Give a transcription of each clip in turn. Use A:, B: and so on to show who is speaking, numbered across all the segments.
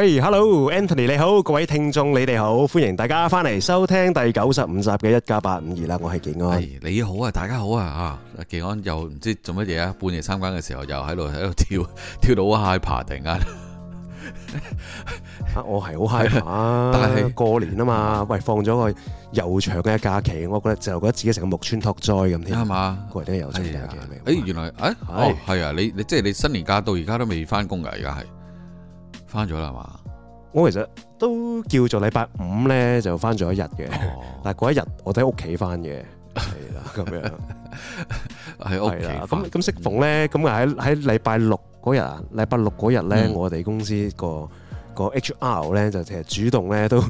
A: 喂，Hello，Anthony 你好，各位聽眾你哋好，歡迎大家翻嚟收聽第九十五集嘅一家八五二啦，我係健安。係你好啊，大家
B: 好啊，啊健安又唔知做乜嘢啊，半夜三更嘅時候又喺度喺度跳，跳到好 high 爬突然間，
A: 我係好 high 爬，但係過年啊嘛，喂放咗個悠長嘅假期，我覺得就覺得自己成個木村拓哉咁添啊嘛，過嚟啲悠長假
B: 期，哎原來哎哦係啊，你你即係你新年假到而家都未翻
A: 工㗎，而家係。翻咗啦係嘛！我其實都叫做禮拜五咧就翻咗一日嘅，哦、但係嗰一日我喺屋企翻嘅，係啦咁樣喺屋企啦。咁咁 適逢咧，咁啊喺喺禮拜六嗰日，禮拜六嗰日咧，嗯、我哋公司個個 HR 咧就其實主動咧都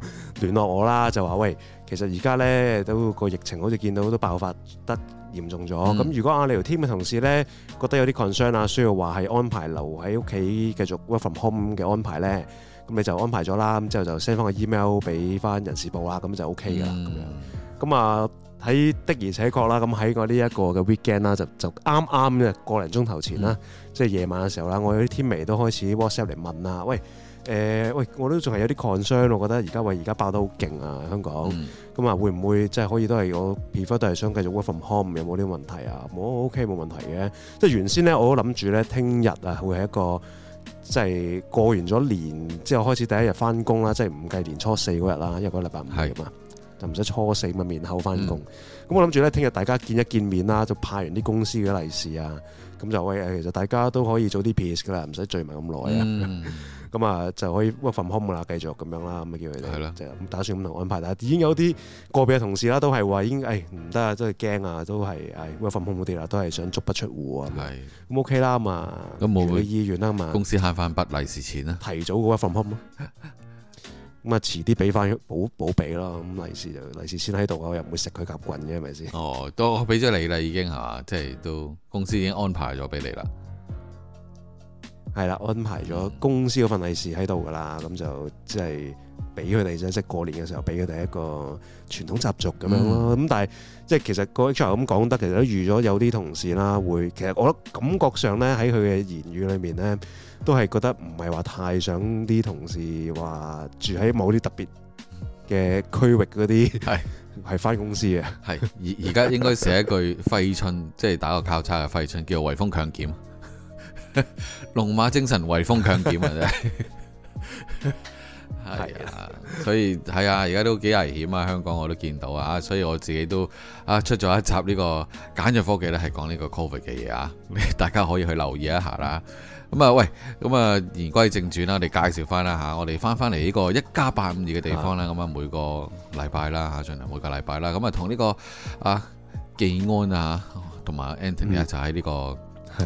A: 聯絡我啦，就話喂，其實而家咧都個疫情好似見到都爆發得。嚴重咗，咁、嗯、如果阿 Leo Team 嘅同事咧覺得有啲 concern 啊，需要話係安排留喺屋企繼續 work from home 嘅安排咧，咁你就安排咗啦，咁之後就 send 翻個 email 俾翻人事部啦，咁就 OK 噶咁樣。咁啊，睇的而且確啦，咁喺我呢一個嘅 weekend 啦，嗯、就就啱啱一個零鐘頭前啦，即係夜晚嘅時候啦，我有啲 teammate 都開始 WhatsApp 嚟問啊，喂。誒、呃、喂，我都仲係有啲 concern，我覺得而家喂而家爆得好勁啊！香港咁啊，嗯、會唔會即係、就是、可以都係我 prefer 都係想繼續 work from home 有冇啲問題啊？冇，OK，冇問題嘅。即係原先咧，我都諗住咧，聽日啊，會係一個即係、就是、過完咗年之後開始第一日翻工啦，即係唔計年初四嗰日啦，因為嗰個禮拜五咁啊是就唔使初四咪面後翻工。咁、嗯、我諗住咧，聽日大家見一見面啦，就派完啲公司嘅利是啊，咁就喂，其實大家都可以早啲 peace 噶啦，唔使聚埋咁耐啊。嗯。咁啊，就可以 work from home 啦，繼續咁樣啦，咁啊叫佢哋，是的 就打算咁嚟安排。但已經有啲個別嘅同事啦，都係話已經誒唔得啊，真係驚啊，都係誒 work from home 冇地啦，都係想足不出戶啊。係，咁 OK 啦，咁啊，冇去醫院吖嘛，咁啊，公司慳翻筆利是錢啦，提早嘅 work from home 咯。咁啊，遲啲俾翻補補俾咯，咁利是就利是先喺度我又唔會食佢夾棍嘅，係咪先？哦，都俾咗你啦，
B: 已經係即係都公司已經安排咗俾你啦。 哦
A: 係啦，安排咗公司嗰份利、嗯、是喺度噶啦，咁就即係俾佢哋啫，即係過年嘅時候俾佢哋一個傳統習俗咁樣咯。咁、嗯、但係即係其實個出頭咁講得，其實都預咗有啲同事啦，會其實我覺得感覺上咧喺佢嘅言語裏面咧，都係覺得唔係話太想啲同事話住喺某啲特別嘅區域嗰啲係係返公司嘅。係而而家應該寫
B: 一句揮春，即係 打個交叉嘅揮春，叫做「圍封強檢。龍馬精神，衛風強健啊！真係係啊，所以係啊，而家都幾危險啊！香港我都見到啊，所以我自己都啊出咗一集呢個簡約科技咧，係講呢個 Covid 嘅嘢啊，大家可以去留意一下啦。咁啊，喂，咁啊，言歸正傳啦，我哋介紹翻啦吓，我哋翻翻嚟呢個一家八五二嘅地方啦，咁的、這個、啊，每個禮拜啦吓，盡量每個禮拜啦，咁啊，同呢個阿紀安啊，同埋 Antony 就喺呢、這個。嗯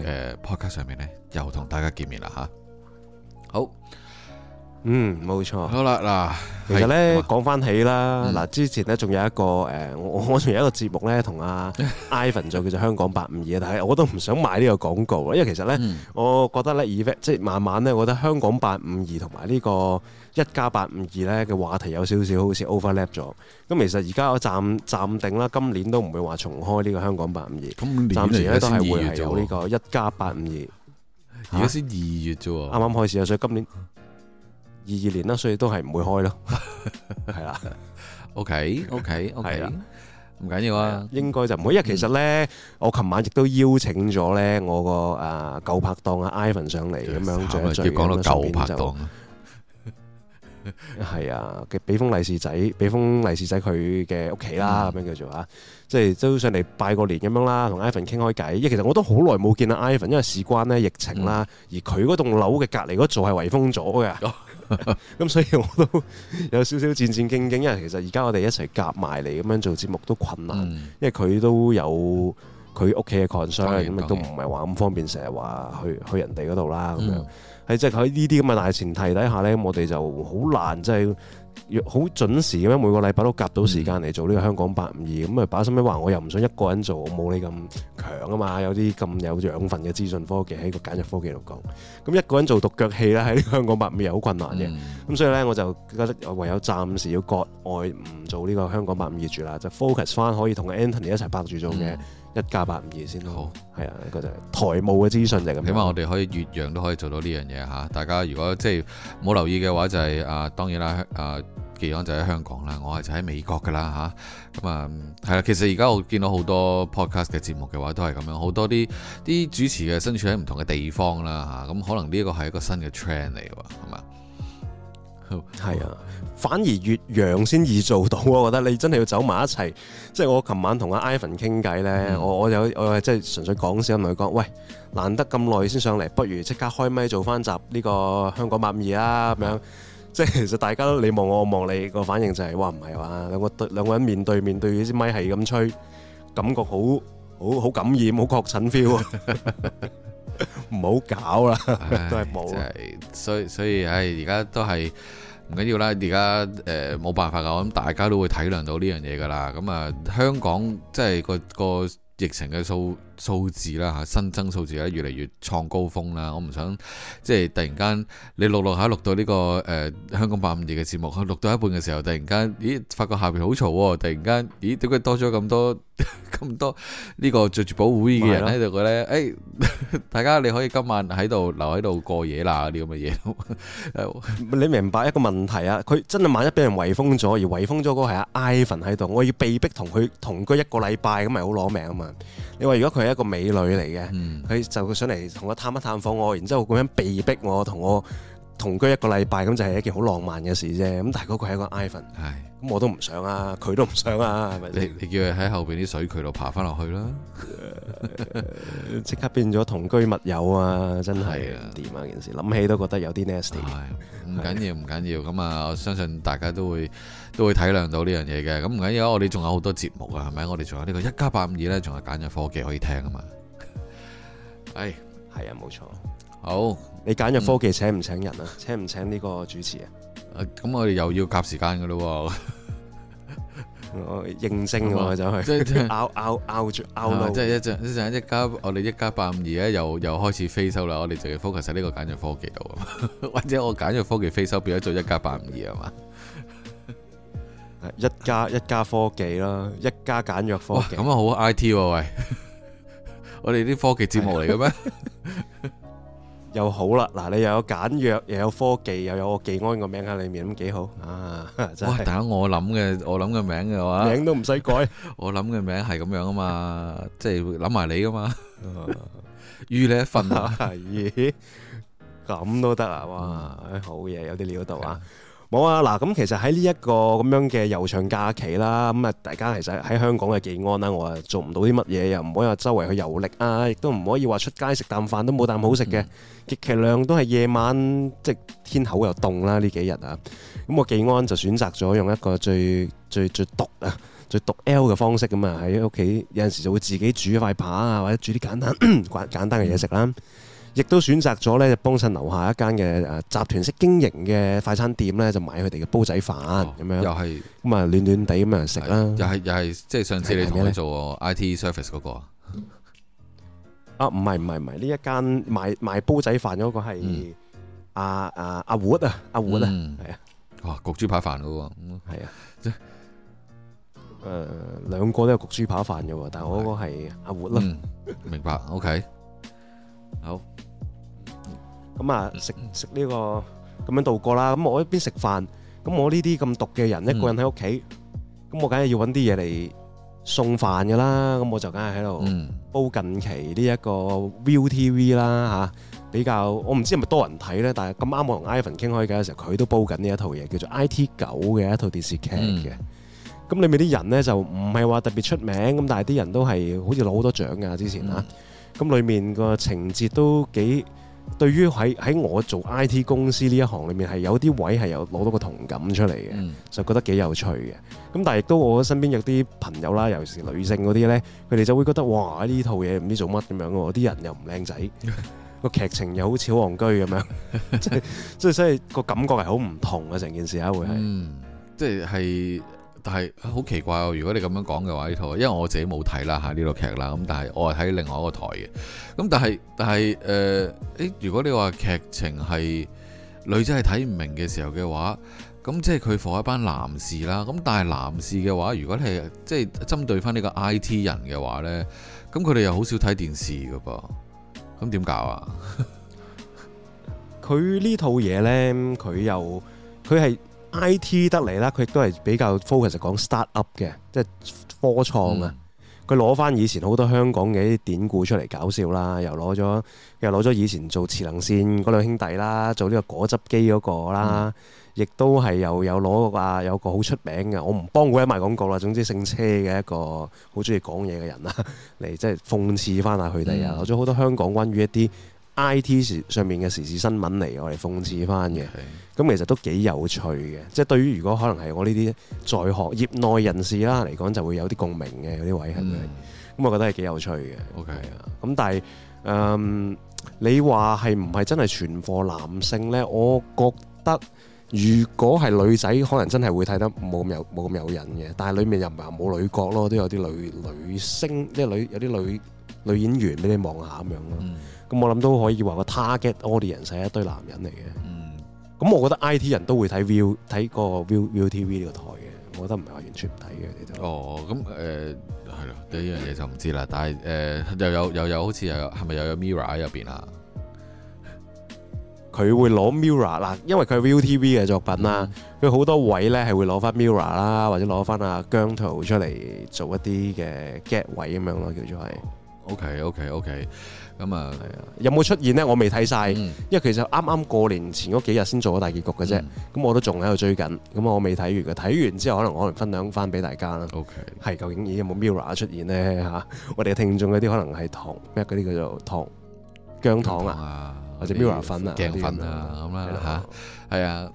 B: 誒 Podcast 上面咧，又同大家見面啦吓，
A: 好。嗯，冇錯。好啦，嗱、嗯，其實咧講翻起啦，嗱，之前咧仲有一個誒、呃，我我仲有一個節目咧，同阿 Ivan 做叫做香講八五二， 但係我都唔想買呢個廣告啊，因為其實咧，嗯、我覺得咧 e 即係慢慢咧，我覺得香講八五二同埋呢個一家八五二咧嘅話題有少少好似 overlap 咗。咁其實而家我暫暫定啦，今年都唔會話重開呢個香講八五二，暫時咧都係會係有呢個一家八五二。52，而家先二月啫，啱啱嗎開始啊，所以今年。二二年啦，所以都係唔會開咯，係 啦了。O K O K O K，啦，唔緊要啊。應該就唔會，因為，其實咧，我琴晚亦都邀請咗咧我個啊舊拍檔阿 Ivan 上嚟，咁、嗯、樣聚一聚。要講到舊拍檔，係 啊，俾封利是仔，俾封利是仔佢嘅屋企啦，咁、嗯、樣叫做啊。即係都上嚟拜個年咁樣啦，同 Ivan 傾開偈。因為其實我都好耐冇見阿 Ivan，因為事關咧疫情啦，嗯、而佢嗰棟樓嘅隔籬嗰座係圍封咗嘅。 咁 所以我都有少少戰戰兢兢，因為其實而家我哋一齊夾埋嚟咁樣做節目都困難，嗯、因為佢都有佢屋企嘅 concern，咁亦都唔係話咁方便，成日話去去人哋嗰度啦，咁樣係即係喺呢啲咁嘅大前提底下呢，我哋就好難，即係。好準時嘅咩？每個禮拜都夾到時間嚟做呢個香講852咁啊！把心一話，我又唔想一個人做，我冇你咁強啊嘛！有啲咁有養分嘅資訊科技喺個簡約科技度講，咁一個人做獨腳戲咧，喺呢個香講852好困難嘅，咁、嗯、所以咧我就覺得我唯有暫時要割愛唔做呢個香講852住啦，就 focus 翻可以同 Anthony 一齊拍住做嘅。嗯一家八五二先咯。好，
B: 係啊，呢個就係台務嘅資訊就咁。起碼我哋可以越洋都可以做到呢樣嘢嚇。大家如果即係冇留意嘅話、就係，就係啊當然啦，啊傑安就喺香港啦，我係就喺美國㗎啦嚇。咁啊係啦、嗯，其實而家我見到好多 podcast 嘅節目嘅話都係咁樣，好多啲啲主持嘅身處喺唔同嘅地方啦嚇。咁、啊嗯、可能呢個係一個
A: 新嘅 trend 嚟㗎，係嘛？係啊，反而越洋先易做到，我覺得你真係要走埋一齊。即係我琴晚同阿 Ivan 傾偈咧，我我有我即係純粹講笑咁同佢講，喂，難得咁耐先上嚟，不如即刻開咪做翻集呢個香講852啦咁樣。即係其實大家都你望我望你，望你個反應就係話唔係嘛，兩個兩個人面對面對住支咪係咁吹，感覺好好好感染，好確診 feel。唔好 搞啦了，唉都係冇咯。
B: 所以所以，唉，而家都係。唔緊要啦，而家誒冇辦法㗎。我諗大家都會體諒到呢樣嘢㗎啦。咁、嗯、啊，香港即係個個疫情嘅數，數字啦嚇，新增數字咧越嚟越創高峰啦。我唔想即係突然間你錄一錄下錄到呢、呢個誒、呃、香港八五二嘅節目，錄到一半嘅時候，突然間咦發覺下邊好嘈喎！突然間咦點解多咗咁多咁多個呢個着住保護
A: 衣嘅人喺度咧？誒是、哎、大家你可以今晚喺度留喺度過夜啦啲咁嘅嘢。 你明白一個問題啊？佢真係萬一俾人圍封咗，而圍封咗嗰個係阿 Ivan 喺度，我要被逼同佢同居一個禮拜咁咪好攞命啊嘛？你話如果佢？係一個美女嚟嘅，佢、嗯、就上嚟同我探一探訪我，然之後咁樣被逼我同我。同居一個禮拜咁就係一件好浪漫嘅事啫，咁但係嗰個係一個 iPhone，咁唉我都唔想啊，佢都唔想啊，係咪？你你叫佢喺後邊啲水渠度爬翻落去啦，即 刻變咗同居密友啊！真係點啊？件事諗起都覺得有啲 nasty，唔緊要唔緊要，咁啊的，緊要我相信大家都會都會
B: 體諒到呢樣嘢嘅。咁唔緊要，我哋仲有好多節目啊，係咪？我哋仲有呢個一家八五二咧，仲有簡約科技
A: 可以聽啊嘛。誒，係啊唉，冇錯，好。好。你簡約科技請唔請人啊？嗯、請唔請呢個主持啊？誒、啊，咁我哋又要夾時間噶咯？ 我應徵我 就係、是就是、 拗拗拗住拗咯，即係、啊就是、一
B: 陣、就是、一陣 一家，我哋一家八五二咧又又開始飛收啦。我哋就要 focus 喺呢個簡約科技度啊嘛。或者我簡約科技飛收變咗做一家八五二係嘛？
A: 一家一家科技啦，一家簡約科技咁啊，好 I T 喂！ 我哋啲科技節目嚟嘅咩？ 又好啦，嗱你又有簡約，又有科技，又有我技安個名喺裏面，咁幾好啊！哇，大家我諗嘅，我諗嘅名嘅話，名都唔使改，我諗嘅名係咁樣啊嘛，即係諗埋你啊嘛，預你一份啊，咦，咁都得啊！哇，好嘢，有啲料到啊！冇啊！嗱，咁其實喺呢一個咁樣嘅悠長假期啦，咁啊大家其實喺香港嘅寄安啦，我啊做唔到啲乜嘢，又唔可以話周圍去遊歷啊，亦都唔可以話出街食啖飯都冇啖好食嘅，極其量都係夜晚，即係天口又凍啦，呢幾日啊，咁我寄安就選擇咗用一個最最最毒啊，最毒 L 嘅方式咁啊，喺屋企有陣時就會自己煮一塊扒啊，或者煮啲簡單寡 簡單嘅嘢食啦。亦都選擇咗咧，就幫襯樓下一間嘅誒集團式經營嘅快餐店咧，就買佢哋嘅煲仔飯咁樣。又係咁啊，暖暖地咁樣食啦。又係又係，即係上次你同我做 IT service 嗰個啊？唔係唔係唔係，呢一間賣賣煲仔飯嗰個係阿阿阿活啊，阿活啊，係啊。哇，焗豬扒飯嘅喎，係啊，即係誒兩個都有焗豬扒飯嘅喎，但係我嗰個係阿活咯。明白，OK，好。咁啊，食食呢個咁樣度過啦。咁我一邊食飯，咁我呢啲咁毒嘅人一個人喺屋企，咁我梗係要搵啲嘢嚟送飯噶啦。咁我就梗係喺度煲近期呢一個 ViuTV 啦嚇，比較我唔知係咪多人睇咧。但係咁啱我同 Ivan 傾開偈嘅時候，佢都煲緊呢一套嘢叫做《IT 狗》嘅一套電視劇嘅。咁裡面啲人咧就唔係話特別出名，咁但係啲人都係好似攞好多獎噶之前啊。咁裡面個情節都幾～對於喺喺我做 IT 公司呢一行裏面係有啲位係有攞到個同感出嚟嘅，就覺得幾有趣嘅。咁但係亦都我身邊有啲朋友啦，尤其是女性嗰啲呢，佢哋就會覺得哇呢套嘢唔知做乜咁樣喎，啲人又唔靚仔，個劇情又好似好戇居咁樣，即係即係個感覺係好唔同嘅成件事啊，會係即係。
B: 但係好奇怪喎，哦！如果你咁樣講嘅話，呢套，因為我自己冇睇啦吓，呢套劇啦，咁，這個，但係我係睇另外一個台嘅，咁但係但係誒，呃，如果你話劇情係女仔係睇唔明嘅時候嘅話，咁即係佢放一班男士啦，咁但係男士嘅話，如果你係即係針對翻呢個 IT 人嘅話呢，咁佢哋
A: 又好少睇電視噶噃，咁點搞啊？佢 呢套嘢呢，佢又佢係。IT 狗嚟啦，佢亦都係比較 focus 講 start-up 嘅，即係科創啊。佢攞翻以前好多香港嘅啲典故出嚟搞笑啦，又攞咗，又攞咗以前做磁能線嗰兩兄弟啦，做呢個果汁機嗰、那個啦，嗯、亦都係又有攞啊，有個好出名嘅，我唔幫佢一賣廣告啦。總之姓車嘅一個好中意講嘢嘅人啦，嚟即係諷刺翻下佢哋啊，攞咗好多香港關於一啲。I.T. 時上面嘅時事新聞嚟，我哋諷刺翻嘅，咁是其實都幾有趣嘅。即、就、係、是、對於如果可能係我呢啲在學業內人士啦嚟講，就會有啲共鳴嘅嗰啲位係咪？咁、嗯、我覺得係幾有趣嘅。OK 啊。咁但係，嗯，你話係唔係真係全貨男性呢？我覺得如果係女仔，可能真係會睇得冇咁有冇咁吸引嘅。但係裡面又唔係話冇女角咯，都有啲女女星，即係女有啲女女演員俾你望下咁樣咯。嗯。咁我諗都可以話個 target audience 係一堆男人嚟嘅。咁、嗯、我覺得 IT 人都會睇 view 睇個 view view TV 呢個台嘅。我覺得唔係話完全唔睇嘅呢度。你都哦，咁誒係咯，第一樣嘢就唔知啦。但係誒又有又有，有，有好似又有係咪又有 mirror 喺入邊啊？佢會攞 mirror 嗱，因為佢係 view TV 嘅作品啦。佢好、嗯、多位咧係會攞翻 mirror 啦，或者攞翻阿姜濤出嚟做一啲嘅 get 位咁樣咯，叫做係、哦。OK OK OK。咁啊，係啊，有冇出現呢？我未睇晒，因為其實啱啱過年前嗰幾日先做咗大結局嘅啫。咁我都仲喺度追緊，咁我未睇完嘅。睇完之後，可能可能分享翻俾大家啦。OK，係究竟已經有冇 MIRROR 出現呢？嚇，我哋嘅聽眾嗰啲可能係糖咩嗰啲叫做糖姜糖啊，或者 MIRROR 粉啊、鏡粉啊咁啦
B: 嚇，係啊。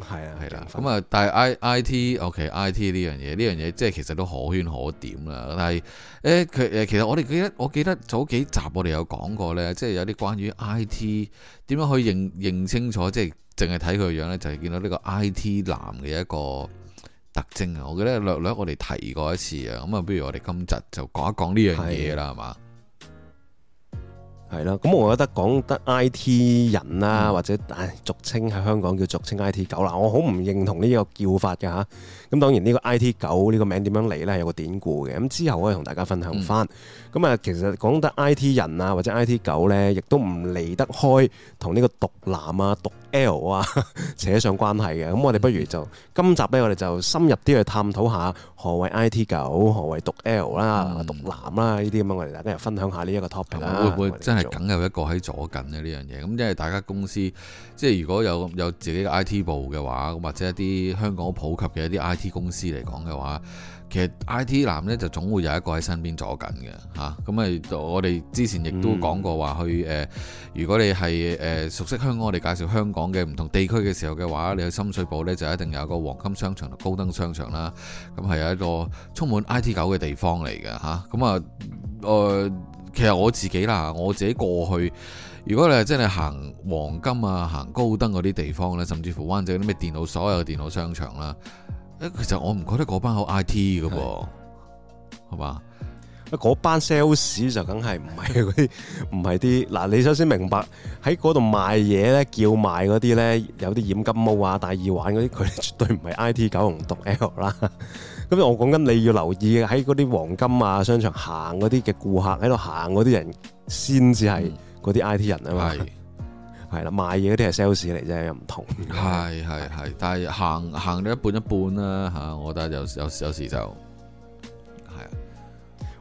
B: 係啊，係啦，咁啊分，但係 IT IT OK IT 呢樣嘢，呢樣嘢即係其實都可圈可點啦。但係誒佢誒，其實我哋記得，我記得早幾集我哋有講過呢，即係有啲關於 IT 點樣去認認清楚，即係淨係睇佢個樣呢，就係、是、見到呢個 IT 男嘅一個特徵啊。我記得略略我哋提過一次啊，咁啊，不如我哋今集就講一講呢樣嘢啦，係嘛
A: 的？係啦，咁我覺得講得 I T 人啊，嗯、或者唉、哎、俗稱喺香港叫俗稱 I T 狗啦，我好唔認同呢個叫法㗎吓。咁當然呢個 I T 狗呢個名點樣嚟呢？有個典故嘅。咁之後可以同大家分享翻。咁啊、嗯，其實講得 I T 人啊，或者 I T 狗呢，亦都唔離得開同呢個毒男啊、毒 L 啊扯 上關係嘅。咁我哋不如就、嗯、今集呢，我哋就深入啲去探討下何為 I T 狗、何為毒 L 啦、毒男啦呢啲咁樣。我哋大家分享下呢一個 topic 啦。會唔會真係梗有一個喺左近嘅呢樣嘢？咁因為大家公司
B: 即係如果有有自己嘅 I T 部嘅話，或者一啲香港普及嘅一啲 I T 公司嚟講嘅話，其實 I T 男呢就總會有一個喺身邊坐緊嘅吓。咁、啊、咪我哋之前亦都講過話，去誒、呃，如果你係誒、呃、熟悉香港，我哋介紹香港嘅唔同地區嘅時候嘅話，你去深水埗呢就一定有一個黃金商場同高登商場啦。咁、啊、係有一個充滿 I T 狗嘅地方嚟嘅吓。咁啊，誒、啊呃，其實我自己啦，我自己過去，如果、就是、你係真係行黃金啊、行高登嗰啲地方呢，甚至乎灣仔嗰啲咩電腦，所有嘅電腦商場啦。誒，其實我
A: 唔覺得嗰班 IT 是的 好 I T 噶噃，係嘛？嗰班 sales 就梗係唔係嗰啲，唔係啲嗱。你首先明白喺嗰度賣嘢咧，叫賣嗰啲咧，有啲染金毛啊、戴耳環嗰啲，佢絕對唔係 I T 九龍毒 L 啦。咁 我講緊你要留意喺嗰啲黃金啊商場行嗰啲嘅顧客喺度行嗰啲人,人，先至係嗰啲 I T 人啊嘛。係啦，賣嘢嗰啲係 sales 嚟啫，又唔同。係係係，的的但係行行到一半一半啦嚇，
B: 我覺得有時有時有時就
A: 係啊。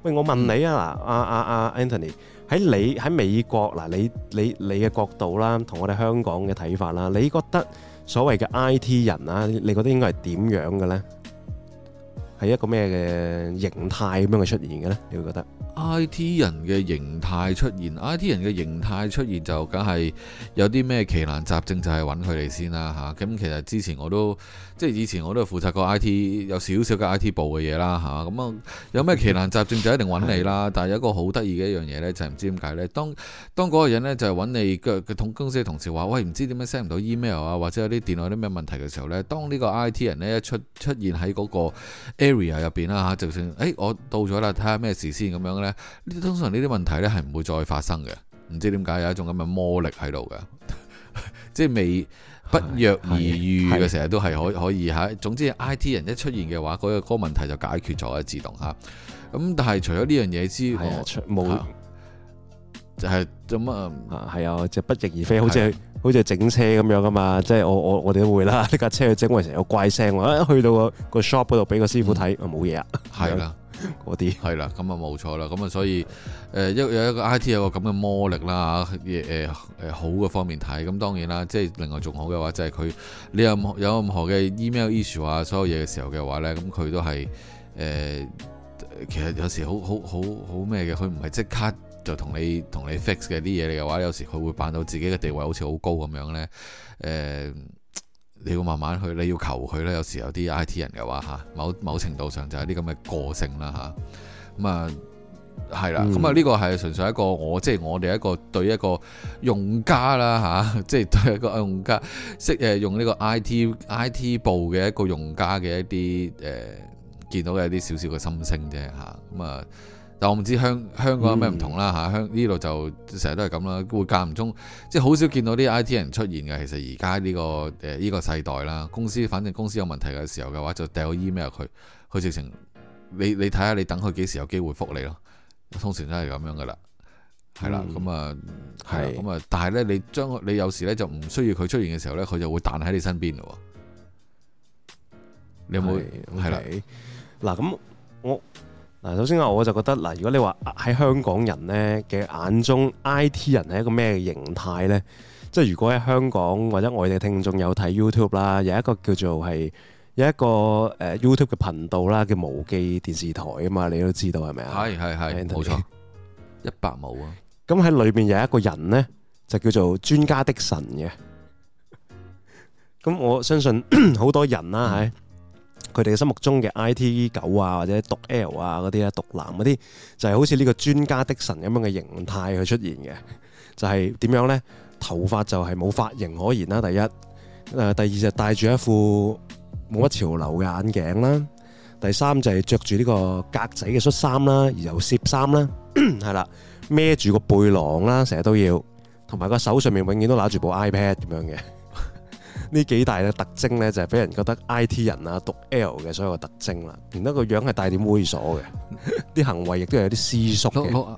A: 喂，我問你啊，嗱、嗯，阿阿阿 Anthony 喺你喺美國嗱，你你你嘅角度啦，同我哋香港嘅睇法啦，你覺得所謂嘅 IT 人啊，你覺得應該係點樣嘅咧？係一個咩嘅形態咁樣嘅出現嘅呢？你會覺得 IT
B: 人嘅形態出現，IT 人嘅形態出現就梗係有啲咩奇難雜症，就係揾佢哋先啦嚇。咁、啊、其實之前我都。即係以前我都係負責過 I.T. 有少少嘅 I.T. 部嘅嘢啦，嚇咁啊，嗯、有咩奇難雜症就一定揾你啦。但係有一個好得意嘅一樣嘢呢，就係、是、唔知點解呢。當當嗰個人呢，就係、是、揾你嘅同公司嘅同事話，喂，唔知點解 send 唔到 email 啊，或者有啲電腦有啲咩問題嘅時候呢，當呢個 I.T. 人呢一出出現喺嗰個 area 入邊啦嚇，就算誒、欸、我到咗啦，睇下咩事先咁樣呢，通常呢啲問題呢係唔會再發生嘅，唔知點解有一種咁嘅魔力喺度嘅， 即係未。不約而遇嘅成日都係可可以嚇，總之 IT 人一出現嘅話，嗰個嗰個問題就解決咗自動嚇。咁但係除咗呢樣嘢之外，
A: 冇就係做乜？啊係啊，就不翼而飛，好似好似整車咁樣㗎嘛，即係我我我哋都會啦。呢架車去整，因為成日怪聲喎，去到個個 shop 嗰度俾個師傅睇，冇嘢啊，係啦。嗰啲係啦，咁啊冇錯啦，咁啊所以
B: 誒一、呃、有一個 IT 有個咁嘅魔力啦嚇，嘅、呃、好嘅方面睇，咁當然啦，即係另外仲好嘅話就係、係、佢你有有任何嘅 email issue 啊，所有嘢嘅時候嘅話呢，咁佢都係誒、呃、其實有時好好好好咩嘅，佢唔係即刻就同你同你 fix 嘅啲嘢嘅話，有時佢會扮到自己嘅地位好似好高咁樣呢。誒、呃。你要慢慢去，你要求佢咧，有時有啲 I T 人嘅話嚇，某某程度上就係啲咁嘅個性啦吓，咁啊，係啦，咁啊呢個係純粹一個我，即係我哋一個對一個用家啦吓，即係對一個用家識誒用呢個 I T I T 部嘅一個用家嘅一啲誒、呃、見到嘅一啲少少嘅心聲啫吓，咁啊。啊但我唔知香香港有咩唔同啦嚇，香呢度就成日都係咁啦，會間唔中即係好少見到啲 IT 人出現嘅。其實而家呢個誒呢、呃這個世代啦，公司反正公司有問題嘅時候嘅話，就掉個 email 佢，佢直情你你睇下你等佢幾時有機會覆你咯。通常都係咁樣噶、嗯、啦，係啦，咁啊係咁啊，但係咧你將你有時咧就唔需要佢出現嘅時候咧，佢就會彈喺你身邊嘅喎。你有冇係啦？
A: 嗱咁我。嗱，首先啊，我就覺得嗱，如果你話喺香港人咧嘅眼中，I T 人係一個咩形態咧？即係如果喺香港或者外地嘅聽眾有睇 YouTube 啦，有一個叫做係有一個誒 YouTube 嘅頻道啦，叫毛記電視台啊嘛，你都知道係咪啊？係係係，冇 錯，一百毛啊！咁喺裏邊有一個人咧，就叫做專家的神嘅。咁 我相信好 多人啦、啊，係。佢哋心目中嘅 IT 狗、e、啊，或者毒 L 啊嗰啲啊，毒男嗰啲就係、是、好似呢個專家的神咁樣嘅形態去出現嘅，就係、是、點樣咧？頭髮就係冇髮型可言啦，第一，誒、呃、第二就戴住一副冇乜潮流嘅眼鏡啦，第三就係着住呢個格仔嘅恤衫啦，而又攝衫啦，係啦，孭住個背囊啦，成日都要，同埋個手上面永遠都揦住部 iPad 咁樣嘅。呢幾大嘅特徵咧，就係俾人覺得 IT 人啊，毒 L 嘅所有特徵啦。然後個樣係帶點猥瑣嘅，啲行為亦都係有啲私縮嘅。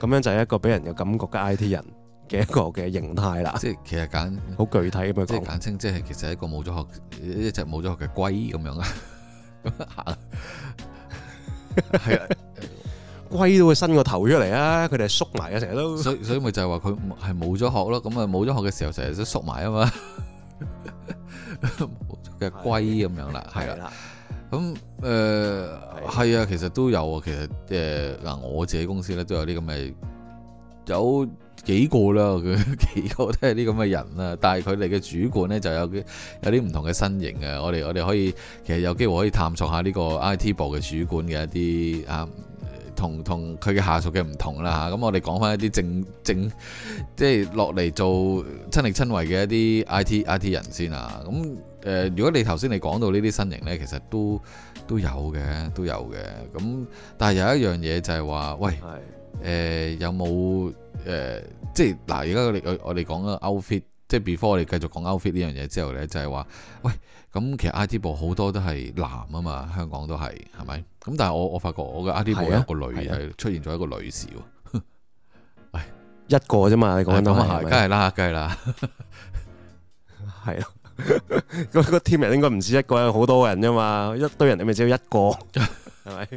A: 咁樣就係一個俾人有感覺嘅 IT 人嘅一個嘅形態啦。即係其實簡好具體咁樣講，即係簡稱，即係其實係一個冇咗殼，一隻冇咗殼嘅龜咁樣啊。咁啊嚇，
B: 係啊，龜都會伸個頭出嚟啊，佢哋係縮埋啊，成日都。所以所以咪就係話佢係冇咗殼咯。咁啊冇咗殼嘅時候成日都縮埋啊嘛。嘅龜咁樣啦，係啦的，咁誒係啊，其實都有啊，其實誒嗱、呃，我自己公司咧都有啲咁嘅，有幾個啦，幾個都係啲咁嘅人啦，但係佢哋嘅主管咧就有啲有啲唔同嘅身形嘅，我哋我哋可以其實有機會可以探索下呢個 IT 部，嘅主管嘅一啲啊。嗯同同佢嘅下屬嘅唔同啦嚇，咁、啊、我哋講翻一啲正正即係落嚟做親力親為嘅一啲 IT IT 人先啊，咁誒、呃、如果你頭先你講到呢啲身形呢，其實都都有嘅，都有嘅，咁但係有一樣嘢就係話，喂誒的、呃、有冇誒、呃、即係嗱而家我哋講緊 out 即係 before 我哋繼續講 outfit 呢樣嘢，之後咧，就係、係、話，喂，咁其實 IT 部好多都係男啊嘛，香港都係，係咪？咁但係我我發覺我嘅 IT 部有一個女，係、啊、出現咗一個女士喎。
A: 唉，啊、一個啫嘛，你講諗下，梗係啦，梗係啦，係咯。咁個 team 人應該唔止一個，有好多人啫嘛，一堆人你咪只有一個，係咪？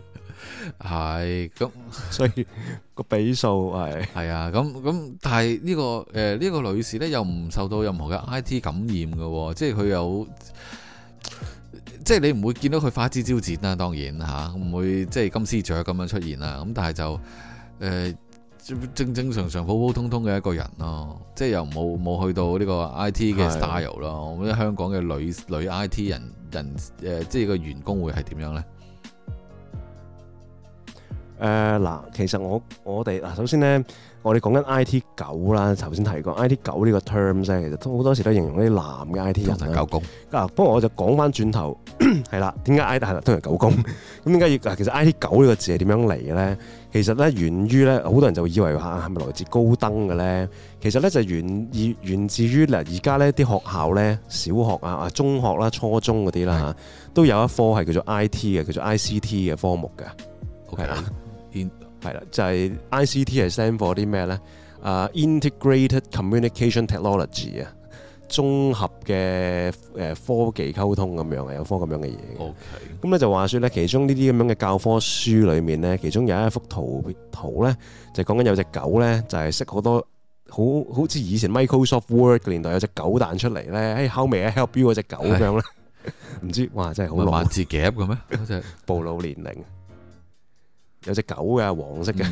A: 係咁，所以 個比
B: 數係係啊，咁咁，但係、這、呢個誒呢、呃這個女士呢，又唔受到任何嘅 I T 感染嘅、哦，即係佢有，即係你唔會見到佢花枝招展啦，當然吓唔、啊、會即係金絲雀咁樣出現啦，咁但係就誒、呃、正正常常普普通通嘅一個人咯、啊，即係又冇冇去到呢個 I T 嘅 style 咯是、啊，我覺得香港嘅女女 I T 人人誒、呃、即係個員工會係點
A: 樣呢？誒嗱、呃，其實我我哋嗱，首先咧，我哋講緊 I T 狗啦，頭先提過 I T 狗呢個 term 咧，其實都好多時都形容啲男嘅 I T 人、嗯、啊。狗公，不過我就講翻轉頭，係 啦，點解 I 大都係狗公？咁點解其實 I T 狗呢個字係點樣嚟嘅咧？其實咧源於咧，好多人就以為話係咪來自高登嘅咧？其實咧就是、源以源自於嗱，而家呢啲學校咧，小學啊、中學啦、啊、初中嗰啲啦，是都有一科係叫做 I T 嘅，叫做 I C T 嘅科目嘅。O Okay . K 啦。係啦，就係、是、ICT 係 stand for 啲咩咧？啊、uh,，Integrated Communication Technology 啊，綜合嘅誒、呃、科技溝通咁樣，係有科咁樣嘅嘢嘅。咁咧 Okay. 就話說咧，其中呢啲咁樣嘅教科書裏面咧，其中有一幅圖圖咧，就講緊有隻狗咧，就係、是、識多好多好好似以前 Microsoft Word 個年代有隻狗彈出嚟咧，哎，How may I help you？嗰隻狗咁樣咧，唔唉 知哇，真係好老。唔係夾嘅咩？嗰隻 暴露年齡。有隻狗嘅，黃色嘅